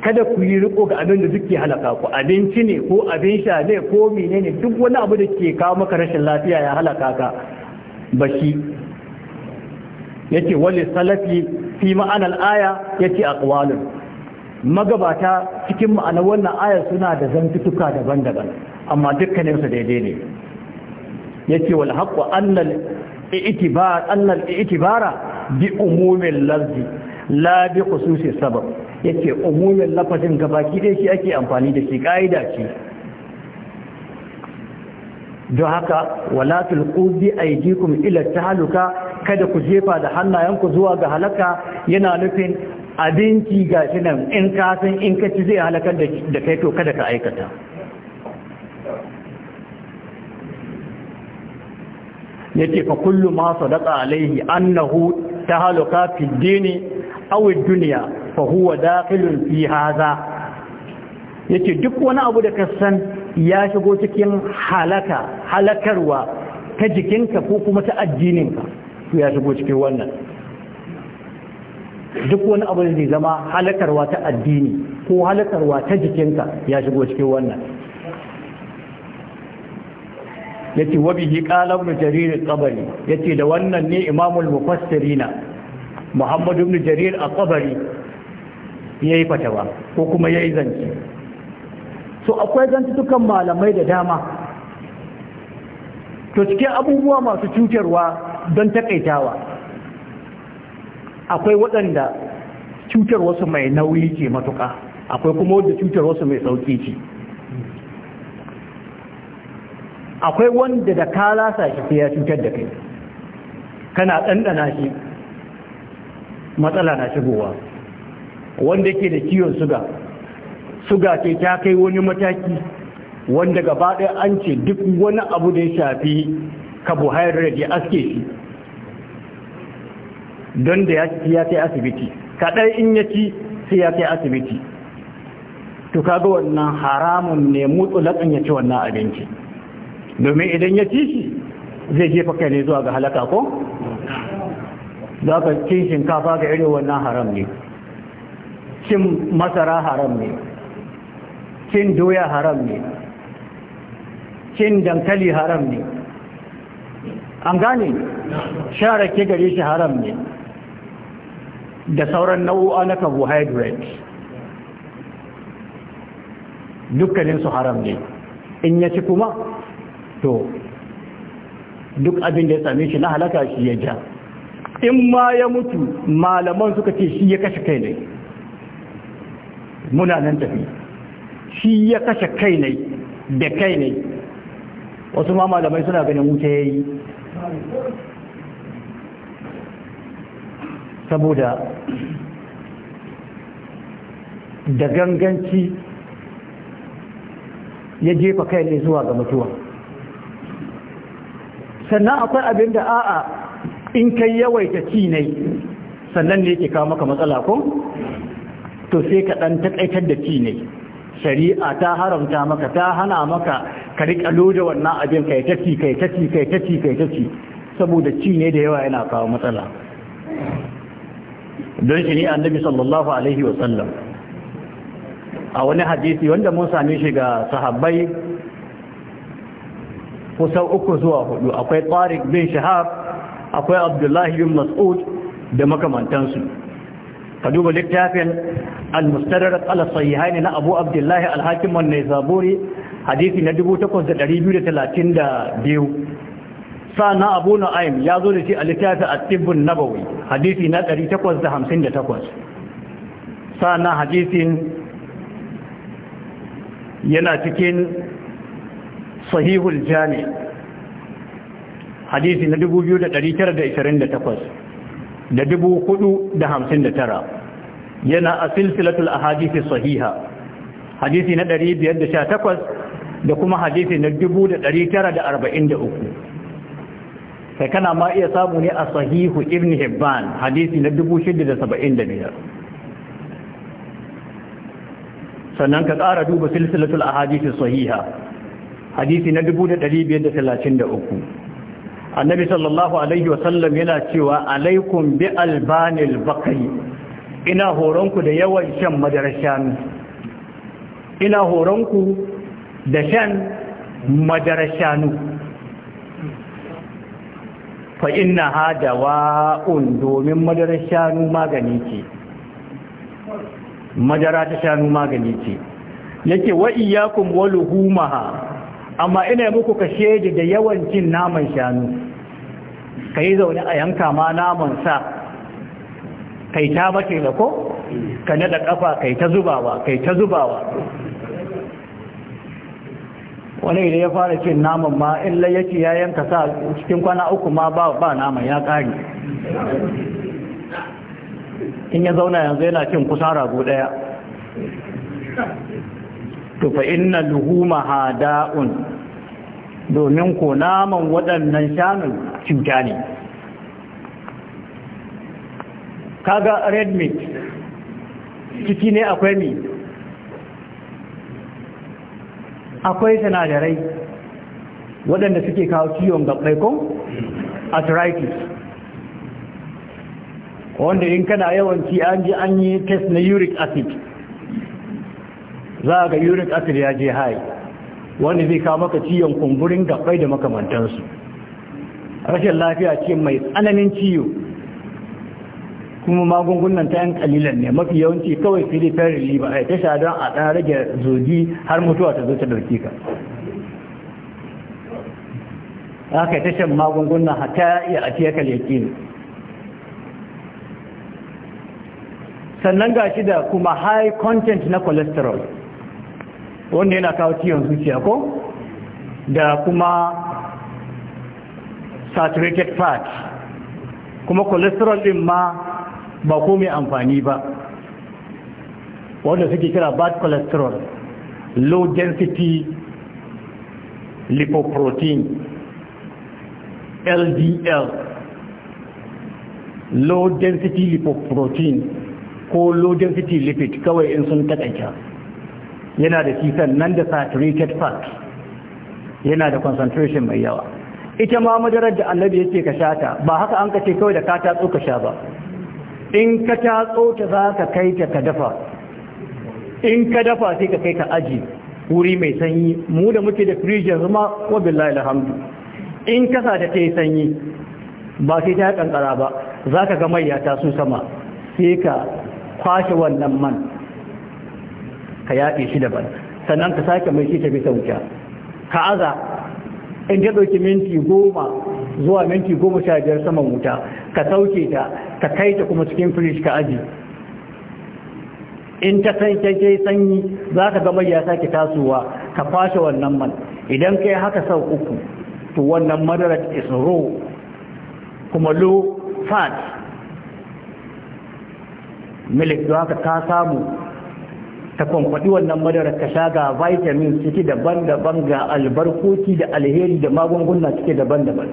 kada ku yi riko ga abin da duke halaka ku abinci ne ko abin sha ne ko menene duk wani abu da ke kawo maka rashin lafiya ya halaka ka bashi yace wal salafi fi ma'anar aya yace aqwalun magabata cikin ma'ana wannan aya suna da zantuka daban-daban amma dukkanin su daidai ne yace wal haqqu annal i'tibar annal i'tibara bi umumin lafzi la bi khususi sabab yace umumin lafazin gabaki dai shi ake amfani da shi kaida ce don haka wala tulqu bi aydikum ila tahluka kada ku jefa da hannayenku zuwa ga halaka yana nufin abinci ga shi nan in ka san in ka ci zai halakar da kai to kada ka aikata yace fa kullu ma sadaqa alaihi annahu tahaluka fi dini aw dunya fa huwa dakhilun fi hadha yace duk wani abu da ka san ya shigo cikin halaka halakarwa ta jikinka ko kuma ta addininka to ya shigo cikin wannan duk wani abu da zai zama halakarwa ta addini ko halakarwa ta jikinka ya shigo cikin wannan yace wa bihi qala ibn jarir al-qabari yace da wannan ne imamul mufassirina muhammad ibn jarir al ya yayi fatawa ko kuma yayi zance so akwai zantukan malamai da dama to cikin abubuwa masu cutarwa don taƙaitawa, akwai waɗanda cutar wasu mai nauyi ce matuƙa akwai kuma wadda cutar wasu mai sauƙi ce akwai wanda da ka lasa shi sai ya cutar da kai kana ɗanɗana shi matsala na shigowa wanda yake da ciwon suga suga ce ta kai wani mataki wanda gaba ɗaya an ce duk wani abu da ya shafi carbohydrate ya aske shi don da ya ya kai asibiti kaɗai in ya ci sai ya kai asibiti to kaga wannan haramun ne mutulakan ya ci wannan abinci domin idan ya ci zai jefa kai ne zuwa ga halaka ko za ka cin shinkafa ga irin wannan haram ne cin masara haram ne cin doya haram ne cin dankali haram ne an gane share ke gare shi haram ne da sauran nau'u'a na carbohydrate dukkaninsu haram ne in ya ci kuma to duk abin da ya same shi na halaka shi ya ja in ma ya mutu malaman suka ce shi ya kashe kai ne muna nan tafi shi ya kashe kai ne da kai ne wasu ma malamai suna ganin wuce ya yi saboda da ganganci ya jefa kai ne zuwa ga mutuwa sannan akwai abin da a'a in kai yawaita ci ne sannan ne yake kawo maka matsala ko to sai ka dan takaitar da ci ne shari'a ta haramta maka ta hana maka ka riƙa loda wannan abin kai ta ci kai ta ci kai ta ci kai ta ci saboda ci ne da yawa yana kawo matsala don shi ne annabi sallallahu alaihi wasallam a wani hadisi wanda mun same shi ga sahabbai kusan uku zuwa hudu akwai tsarik bin shahab akwai abdullahi bin mas'ud da makamantansu ka duba littafin al al-sayi haini na abu abdullahi al-hakim da talatin hadisi na 8232 na abu nu'aym ya zo da shi a littafin a tibbun nabawi hadisi na 858 na hadisin yana cikin sahihul jami hadisi na 2928 da 459 yana a silsilatul ahadisi sahiha hadisi na 518 da kuma hadisi na 1943 sai kana ma iya samu ne a sahihu ibn hibban hadisi na 675 sannan ka ƙara duba silsilatul ahadisi sahiha hadisi na 1533 annabi sallallahu alaihi wasallam yana cewa alaikum bi albanil baqi ina horonku da yawan shan madarar shanu ina horonku da shan madarar shanu fa inna hada wa'un domin madarar shanu magani ce madara ta shanu magani ce yake wa iyyakum wa luhumaha amma ina muku ka shedi da cin naman shanu ka yi zaune a yanka ma naman sa kai ta mace da ko ka nada kafa kai ta zubawa kai ta zubawa wani idan ya fara cin naman ma in yake ya yanka sa cikin kwana uku ma ba ba naman ya kare in ya zauna yanzu yana cin kusan rago daya to fa inna luhuma hada'un domin ko naman waɗannan shanun cuta ne kaga red meat ciki ne akwai mi akwai sinadarai waɗanda suke kawo ciwon gabbai ko arthritis wanda in kana yawanci an ji an yi test na uric acid za ga uric acid ya je high wanda zai kawo maka ciyon kumburin gabbai da makamantansu rashin lafiya ce mai tsananin ciwo kuma magungunan ta yan kalilan ne mafi yawanci kawai fili filifin ba a yi tasha don a ɗan rage zoji har mutuwa ta zo ta ɗauki ka aka yi shan magungunan hata ya a ciyar kalyaki ne sannan ga shi da kuma high content na cholesterol wanda yana kawo ciwon zuciya ko da kuma saturated fat kuma cholesterol din ma ba komai amfani ba wanda suke kira bad cholesterol low density lipoprotein ldl low density lipoprotein ko low density lipid kawai in sun takaita yana da titan nan da saturated fat yana da concentration mai yawa ita ma madarar da annabi yake ka shata ba haka an kace kawai da ka ta tso ka sha ba in ka ta tso ta za ka kai ta ka dafa in ka dafa sai ka kai ka aji wuri mai sanyi mu da muke da fridge yanzu ma wa billahi alhamdu in kasa da ta yi sanyi ba sai ta kankara ba za ka ga mai ya taso sama sai ka kwashe wannan man ka yaɗe shi daban sannan ka sake mai shi ta bisa ka aza in ta ɗauki minti goma zuwa minti goma sha biyar saman wuta ka sauke ta ka kai ta kuma cikin firish ka aji in ta san kyakkyai sanyi za ka gama ya sake tasowa ka fashe wannan man idan ka haka sau uku to wannan madarar is raw kuma low fat milik don haka ka samu ta kwankwaɗi wannan madarar ka sha ga vitamin ciki daban-daban ga albarkoki da alheri da magunguna cike daban-daban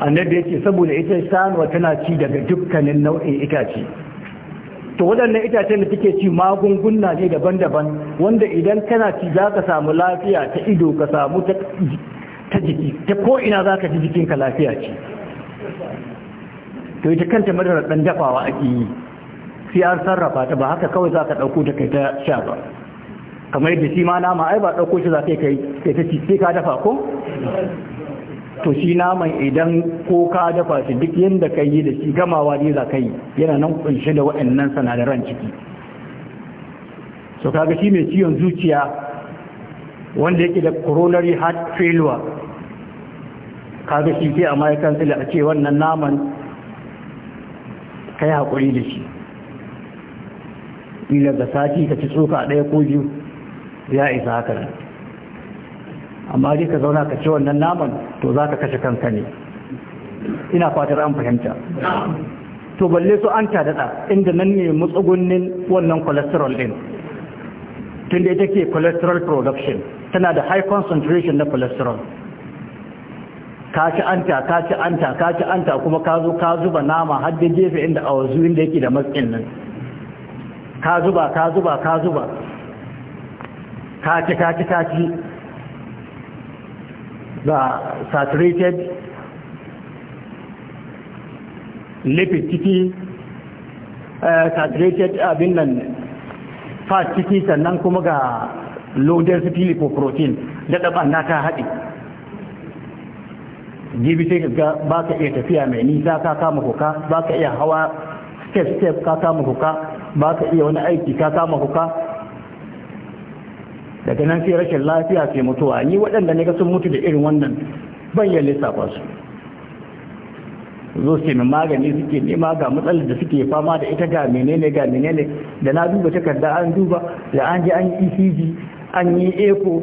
annabi yake saboda ita sanuwa tana ci daga dukkanin nau'in itace to waɗannan itacen da take ci magunguna ne daban-daban wanda idan kana ci za ka samu lafiya ta ido ka samu ta jiki ta ko'ina za ka ji jikinka lafiya ce to ita kanta madarar ɗan dafawa ake yi sai an sarrafa ta ba haka kawai za ka ɗauko ta kai ta sha ba kamar yadda shi ma nama ai ba ɗauko shi za ka kai kai ta ci sai ka dafa ko to shi naman idan ko ka dafa shi duk yadda ka yi da shi gamawa ne za ka yi yana nan kunshe da waɗannan sanadaran ciki so kaga shi mai ciwon zuciya wanda yake da coronary heart failure kaga shi sai a ma'aikan a ce wannan naman ka yi haƙuri da shi ila da sati ka ci tsoka ɗaya ko biyu ya isa haka nan amma dai ka zauna ka ci wannan naman to za ka kashe kanka ne ina fatar an fahimta to balle su an tadada inda nan ne matsugunnin wannan cholesterol din tunda ita ke cholesterol production tana da high concentration na cholesterol ka ci anta ka ci anta ka ci anta kuma ka zo ka zuba nama har da gefe inda a inda yake da matsin nan ka zuba ka zuba ka zuba ka ci ka ci ka ci ga saturated lipid ciki eh, saturated abin nan fat ciki sannan kuma ga density lipoprotein da na ta haɗi jibi sai ga ba ka iya tafiya mai nisa ka kama kuka ba ka iya hawa step-step ka kama kuka ba ka iya wani aiki ka kama kuka daga nan sai rashin lafiya sai mutuwa ni waɗanda ne ga sun mutu da irin wannan ban yi lissafa su zo sai mai magani suke nema ga matsalar da suke fama da ita ga menene ga menene da na duba takarda an duba da an je an yi ecg an yi ECHO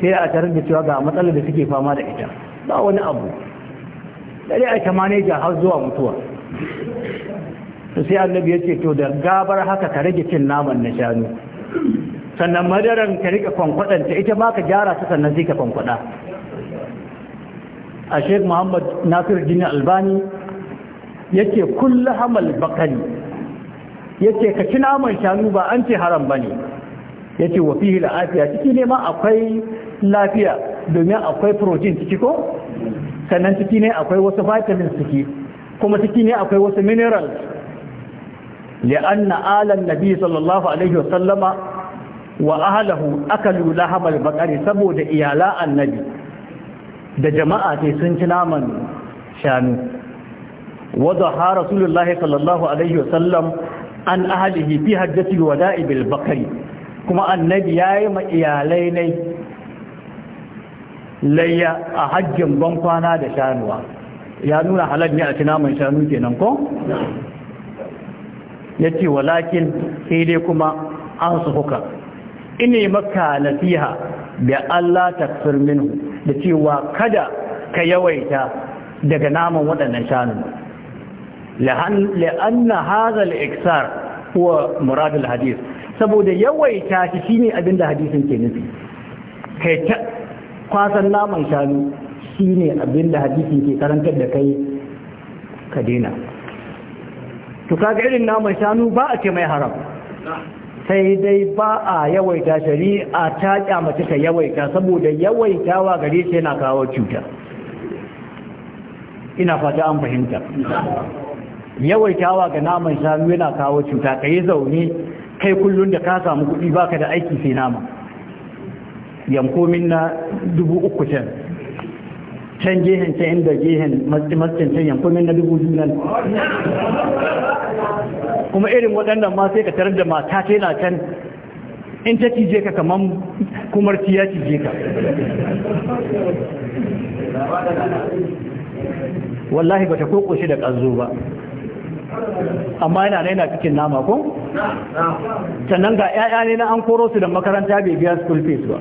sai a tarar da cewa ga matsalar da suke fama da ita ba wani abu dare a ta ga har zuwa mutuwa sai annabi ya ce to da gabar haka ka rage cin naman na shanu sannan madaran ka rika ta ita ma ka gyara ta sannan sai ka kwankwada a sheikh muhammad nasir jini albani yake kullu hamal bakari yake ka ci naman shanu ba an ce haram bane yace wa fihi lafiya ciki ne ma akwai lafiya domin akwai protein ciki ko sannan ciki ne akwai wasu vitamins ciki kuma ciki ne akwai wasu minerals لأن آل النبي صلى الله عليه وسلم وأهله أكلوا لحم البقر سبو لإيالاء النبي da jama'a ce sun ci naman shanu wadda ha rasulullahi sallallahu alaihi wasallam an ahalihi fi hajjati wada'i bil bakari kuma annabi ya yi ma iyalai ne layya a hajjin bankwana da shanuwa ya nuna halar ne a ci naman shanu kenan ko ya ce walakin sai dai kuma an su huka yi maka nasiha da Allah fir minhu da cewa kada ka yawaita daga naman waɗannan shanu la'anna hazal iksar kuwa muradul hadis saboda yawaita shi shine abin da hadisun ke nufi kai ta kwasan naman shanu shine abin da hadisin ke karantar da kai ka daina to kaga irin naman shanu ba a ce mai haram sai dai ba a yawaita shari'a ta kyamata ta yawaita saboda yawaitawa gare shi yana kawo cuta ina fata an fahimta yawaitawa ga naman shanu yana kawo cuta ka yi zaune kai kullum da ka samu kuɗi baka da aiki sai nama yanko na dubu uku can can gehen ta inda gehen masjin can yankunan na dubu junan kuma irin waɗannan ma sai ka tarar da mata ta yana can in ta cije ka kaman kumarci ya cije ka wallahi ba ta kokoshi da ƙazo ba amma yana na yana cikin nama ko? sannan ga 'ya'ya ne na an koro su da makaranta bai biya school fees ba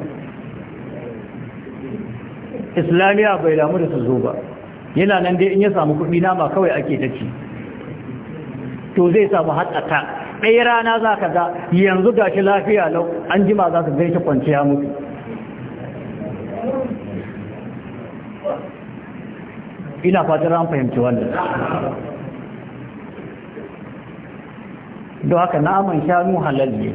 islamiya bai damu da su zo ba yana nan dai in ya samu kuɗi nama kawai ake ta ci to zai samu hatsata ɗaya rana za ka za yanzu ga shi lafiya lau an jima za ka gaishe kwanciya mutu ina fatar an fahimci wannan don haka naman shanu halal ne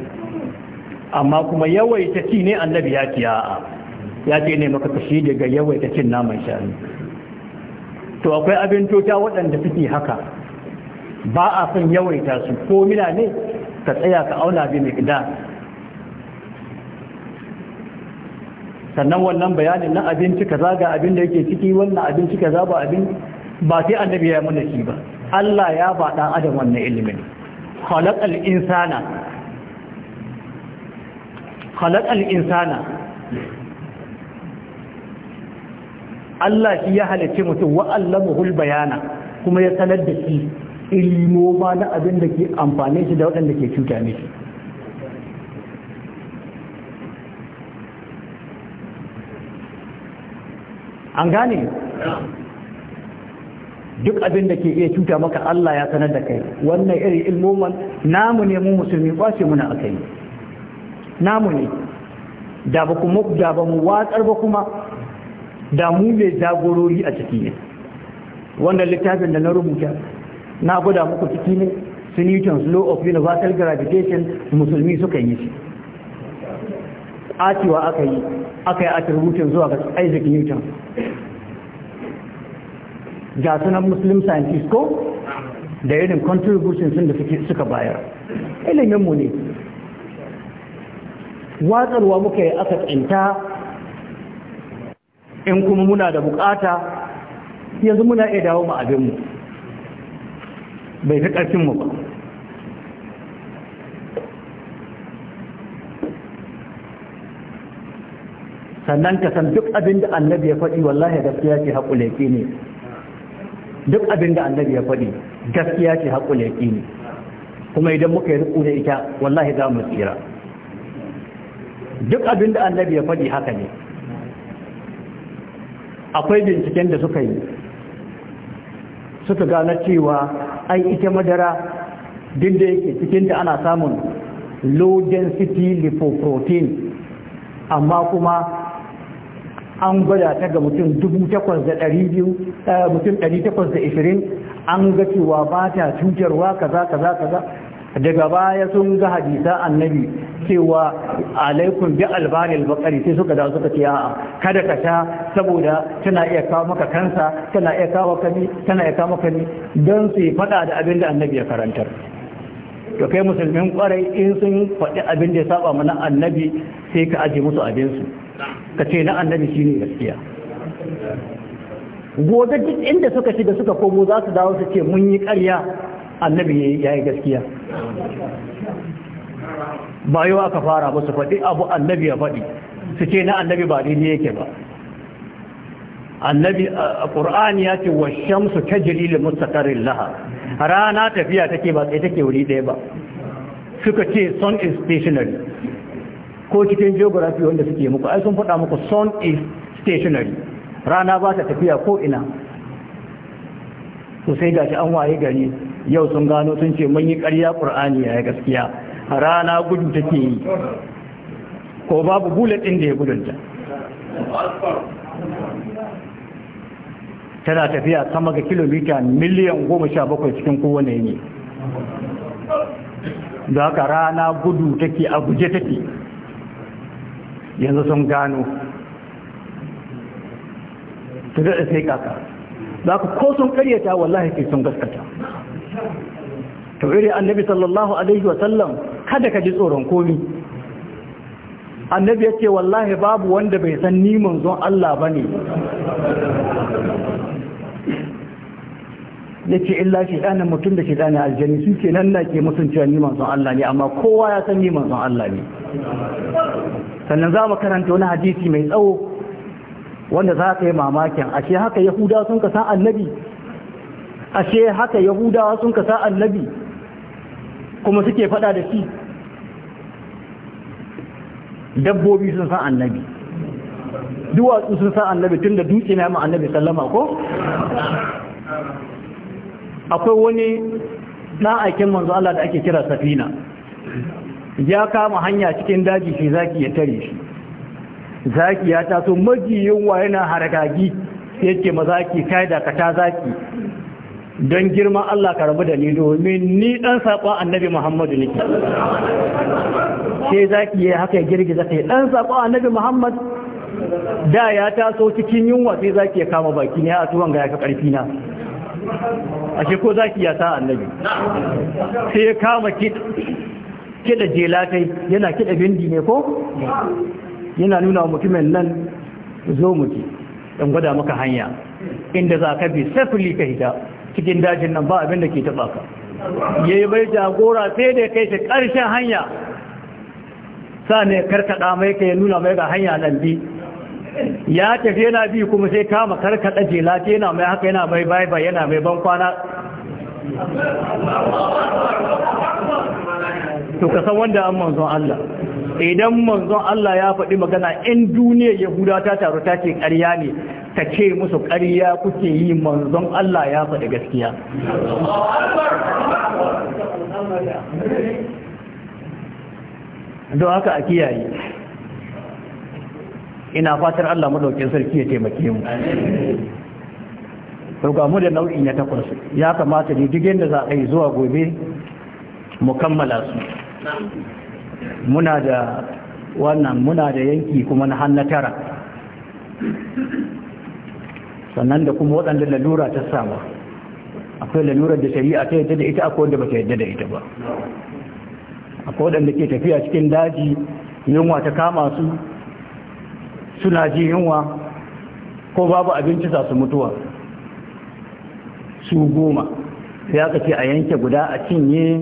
amma kuma yawai ta ci ne annabi ya ciya a ya ce ne maka kashi daga yawaita cin naman shanu to akwai abin tota waɗanda suke haka ba a son yawaita su ko mila ne ka tsaya ka auna bi mai gida. sannan wannan bayanin na abinci kaza ga abin da yake ciki wannan abinci kaza ba abin ba sai annabi ya mana shi ba Allah ya ba ɗan adam wannan ilimin khalaqal insana khalaqal insana Allah shi ya halicci mutum wa allamuhul bayana kuma ya sanar da shi ilmo ba na abin da ke amfani shi da waɗanda ke cuta mishi an gane duk abin da ke iya cuta maka Allah ya sanar da kai wannan irin ilmoman namu ne mu musulmi ce muna akai namu ne da ba mu watsar ba kuma da mu ne jagorori a ciki ne Wanda littafin da na rubuta na gwada muku ciki ne su newton's law of universal gravitation musulmi suka yi shi atiwa aka yi aka yi atributin zuwa ga isaac newton ga sunan muslim scientist ko da irin contributions da suka bayar mu ne watsarwa muka yi aka tsinta in kuma muna da bukata yanzu muna iya dawo mu abinmu bai fi ƙarfinmu ba sannan ka san duk abin da annabi ya faɗi wallahi gaskiya ce haƙuleki ne duk abin da annabi ya faɗi gaskiya ce haƙuleki ne kuma idan muka yi riƙo da ita wallahi za mu tsira duk abin da annabi ya faɗi haka ne akwai binciken da suka yi suka gane cewa ai ita madara din da yake cikinta ana samun low density lipoprotein amma kuma an gwada ta ga mutum 820 eh, an ga cewa ba ta cutarwa kaza kaza kaza daga baya sun ga hadisa annabi cewa alaikum bi albani albakari sai suka dawo suka ce a'a kada ka sha saboda tana iya kawo maka kansa tana iya kawo ka ni tana iya kawo maka ni don su faɗa da abin da annabi ya karantar to kai musulmin kwarai in sun faɗi abin da ya saba mana annabi sai ka aje musu abinsu ka ce na annabi shine gaskiya gobe duk inda suka shiga suka komo za su dawo su ce mun yi ƙarya annabi ya yi gaskiya ba yau aka fara ba su faɗi abu annabi ya faɗi su ce na annabi ba ne yake ba annabi qur'ani ya ce washamsu tajri lil mustaqarrin laha rana tafiya take ba sai take wuri daya ba suka ce sun is stationary ko cikin geography wanda suke muku ai sun faɗa muku sun is stationary rana ba ta tafiya ko ina to sai gashi an waye gari yau sun gano sun ce mun yi ƙarya qur'ani ya gaskiya rana gudu take yi ko babu bullet ɗin da ya gudunta tana tafiya sama ga kilomita miliyan goma sha bakwai cikin kowane yini da haka rana gudu take a guje take yanzu sun gano su sai kaka za ku ko sun karyata wallahi ke sun gaskata to iri annabi sallallahu alaihi wasallam kada ka ji tsoron komi annabi ya ce wallahi babu wanda bai san ni manzon Allah ba ne illa shi ɗanin mutum da shi ɗanin aljani su ke nan na ke mutuncewa ni manzon Allah ne amma kowa ya san ni manzon Allah ne sannan za mu karanta wani hadisi mai tsawo wanda za ka yi mamakin ashe haka yahudawa sun ka san annabi ashe haka yahudawa sun ka san annabi kuma suke fada da shi dabbobi sun san annabi duwatsu sun san annabi tun da dutse na yamma annabi sallama ko akwai wani ɗan aikin manzo Allah da ake kira safina ya kama hanya cikin daji shi zaki ya tare shi zaki ya taso majiyin wa yana haragagi yake mazaki kai da kata zaki don girma Allah ka rabu da ni domin ni dan sakon annabi Muhammadu ne sai za ki yi haka ya girgiza kai dan sakon annabi Muhammad da ya taso cikin yunwa sai za ki ya kama baki ne a tuwon ga ya ka karfi na ashe ko za ki ya sa annabi sai ya kama kiɗa jelatai yana kiɗa bindi ne ko yana nuna mutumin nan zo mutu in gwada maka hanya inda za ka bi safili ka hita cikin dajin nan ba abin da ke taba ka yi bai jagora sai da kai shi ƙarshen hanya sa-ne karkada mai ka ya nuna mai ga hanya nan bi ya tafi yana bi kuma sai kama karkada jela ce yana mai haka yana mai bai bai yana mai ban kwana to ka san wanda an manzon Allah idan manzon Allah ya faɗi magana in duniyar yahuda ta taru ta ce ƙarya ne ta ce musu ƙarya kuke yi manzon Allah ya faɗi gaskiya don haka a kiyaye ina fatar Allah maɗauki sarki ya taimake mu Rukamu da nau'in ya takwas ya kamata ne duk yadda za a yi zuwa gobe mu kammala su muna da wannan muna da yanki kuma na hannu tara sannan da kuma waɗanda lalura ta samu akwai lalurar da shari'a ta yadda da ita akwai wanda ba ta yadda da ita ba akwai waɗanda ke tafiya cikin daji yunwa ta kama su suna ji yunwa ko babu abinci za su mutuwa su goma ya aka ce a yanke guda a cinye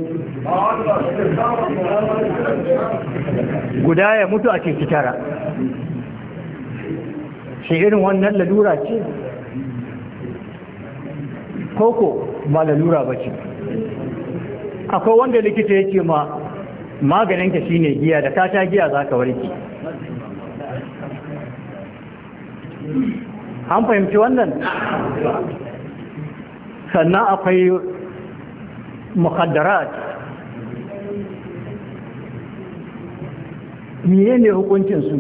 guda ya mutu a ke tara shi irin wannan lalura ce koko ba lalura ba ce akwai wanda likita yake ma maganin maganinka ne giya da kata giya za ka warke an fahimci wannan sannan akwai makaddara miye ne hukuncinsu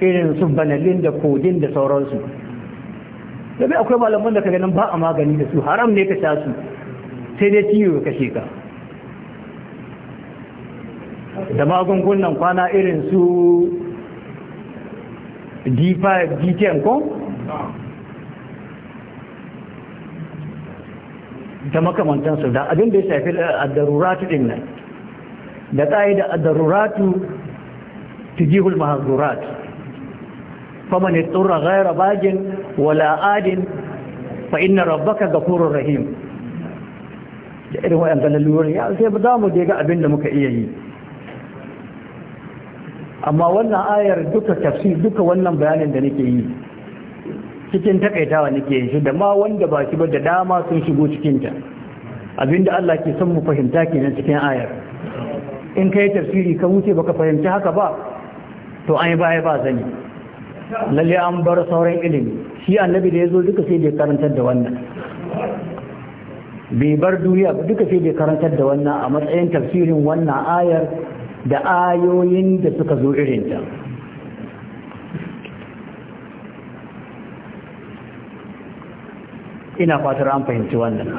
irin su banalin da kodin da sauransu da bai akwai malaman da ka ganin ba a magani da su haram ne ka sha su sai dai ciwo ka ka da magungunan kwana irin su d5 d10 ko da su da abin da ya shafi addaruratu din nan da ƙa'ida addaruratu tijihul mahazuratu فمن اضطر غير bagin ولا آد فإن ربك غفور رحيم rahim da irin waɗanda lalurar ya sai ba za mu ga abinda da muka iya yi amma wannan ayar duka tafsir duka wannan bayanin da nake yi cikin takaitawa nake shi da ma wanda ba shi ba da dama sun shigo cikinta abinda Allah ke son mu fahimta kenan cikin ayar in kai tafsiri ka wuce baka fahimci haka ba to an yi baya ba zani lalle an bar sauran ilimi shi annabi da ya zo duka sai bai karantar da wannan bai bar duniya duka sai bai karantar da wannan a matsayin tafsirin wannan ayar da ayoyin da suka zo irinta ina fatar an fahimci wannan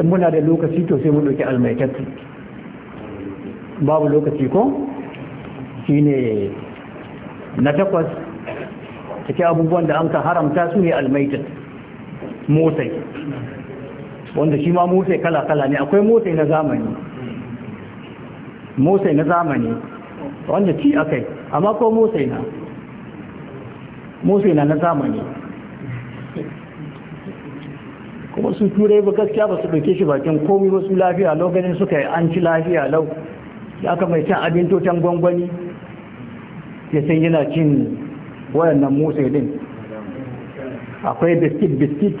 in muna da lokaci to sai mu ɗauki almaitattu babu lokaci ko shi ne na takwas cikin abubuwan da an ka haramta su ne almaitin motai wanda shi ma motsai kala-kala ne akwai motsai na zamani motsai na zamani wanda ci akai amma ko motsai na motsai na na zamani kuma su turai ba gaskiya ba su ɗauke shi bakin komi wasu lafiya lokacin suka yi an ci lafiya lau da aka mai can abin totan gwangwani ya san yana cin wayannan motsa din akwai biskit biskit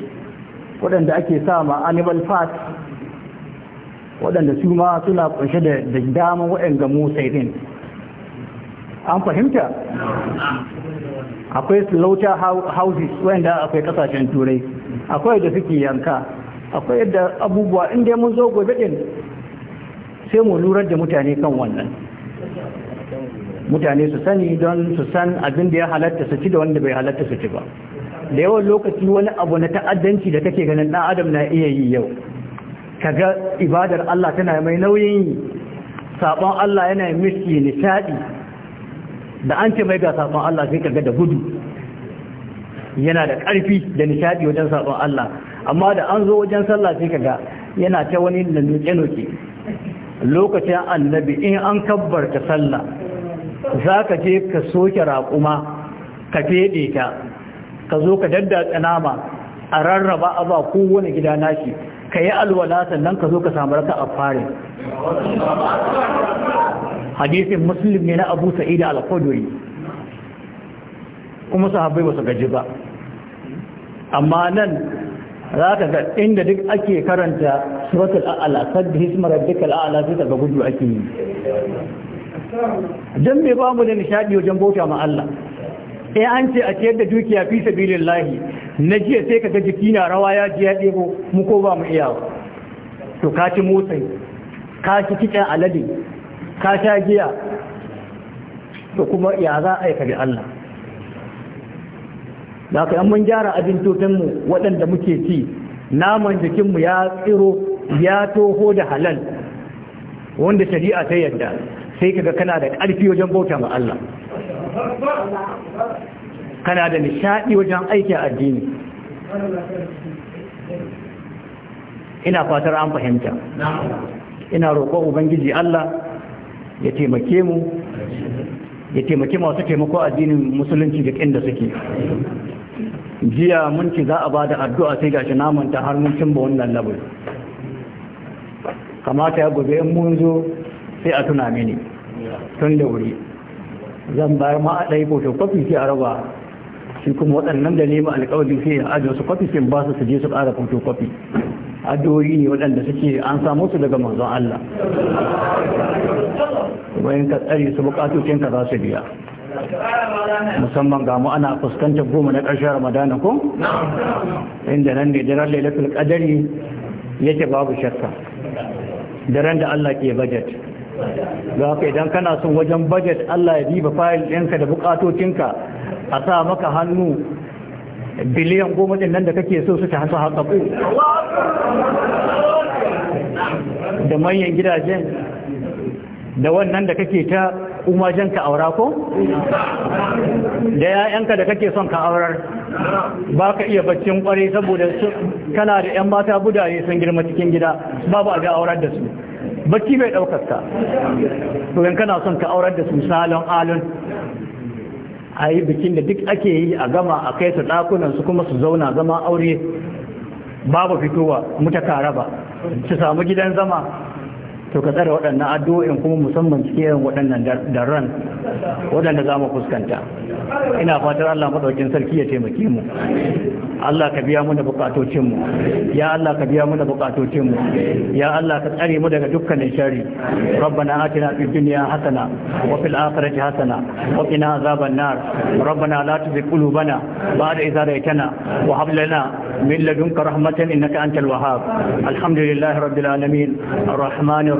waɗanda ake sa ma animal fat waɗanda su ma suna ƙunshe da dama waɗanda motsa din an fahimta akwai slaughter houses waɗanda akwai ƙasashen turai akwai da suke yanka akwai yadda abubuwa inda mun zo gobe din sai mu lura da mutane kan wannan mutane su sani don su san abin da ya halatta su ci da wanda bai halatta su ci ba da yawan lokaci wani abu na ta'addanci da kake ganin ɗan adam na iya yi yau kaga ibadar Allah tana mai nauyin yi sabon Allah yana miski nishadi da an ce mai ga sabon Allah sai kaga da gudu yana da ƙarfi da nishaɗi wajen sabon Allah amma da an zo wajen sallah sai kaga yana ta wani da nuke-nuke lokacin annabi in an kabbarta sallah za ka je ka soke raƙuma ka feɗe ta ka zo ka daddatsa nama a rarraba a ba kowane gida nashi ka yi alwala sannan ka zo ka samu raka a fari hadisin musulun ne na abu sa'ida al-khudri kuma sahabbai ba su gaji ba amma nan za ka ga inda duk ake karanta suratul a'ala sadda hismarar dukkan a'la sai ta ga gudu ake yi don me ba mu da nishadi wajen bauta ma Allah eh an ce a ciyar da dukiya fi sabilillahi na jiya sai ga jiki na rawa ya ji ya debo mu ko ba mu iya to ka ci motsai ka ci kicin alade ka sha giya to kuma ya za a yi bi Allah da aka mun gyara mu waɗanda muke ci naman jikinmu ya tsiro ya toho da halal wanda shari'a ta yarda. sai kaga kana da ƙarfi wajen bauta ma Allah kana da nishadi wajen aiki a addini ina fatar an fahimta ina roƙo ubangiji Allah ya taimake mu ya taimake masu taimako addinin musulunci da inda suke jiya mun ci za a ba da addu'a sai gashi namanta har mun cimba wannan labar kamata ya gobe in mun zo sai a tuna mini tun da wuri zan bayar ma a ɗaya fotokofi sai a raba shi kuma waɗannan da nema alƙawari sai a ajiye su kwafi sai ba su su je su ƙara fotokofi addu'o'i ne waɗanda suke an samu su daga manzon Allah bayan ka tsare su buƙatocin ka za su biya musamman ga mu ana fuskantar goma na ƙarshen ramadana ko inda nan ne daren lailatul qadari yake babu shakka daren da Allah ke bajet. da haka idan kana son wajen budget Allah ya diba fayil ɗinka da bukatocinka a sa maka hannu biliyan goma ɗin nan da kake so su ta hasa haƙaƙo da manyan gidajen da wannan da kake ta umajen ka aura ko da ya'yanka da kake son ka aurar ba ka iya baccin kwarai saboda kana da 'yan mata budaye sun girma cikin gida babu abin aurar da su bacci bai daukar ka to kana son ka aurar da su salon alon a bikin da duk ake yi a gama a kai su ɗakunan su kuma su zauna zama aure babu fitowa mutakara ba su samu gidan zama to ka tsare waɗannan addu'o'in kuma musamman cikin irin waɗannan darran waɗanda za mu fuskanta ina fatar Allah maɗaukin sarki ya taimake mu Allah ka biya mu da bukatocin mu ya Allah ka biya mu da bukatocin mu ya Allah ka tsare mu daga dukkanin shari rabbana atina fid dunya hasana wa fil akhirati hasana wa qina azaban nar rabbana la tuzigh qulubana ba'da idh hadaytana wa hab lana min ladunka rahmatan innaka antal wahhab alhamdulillahi rabbil alamin arrahmanir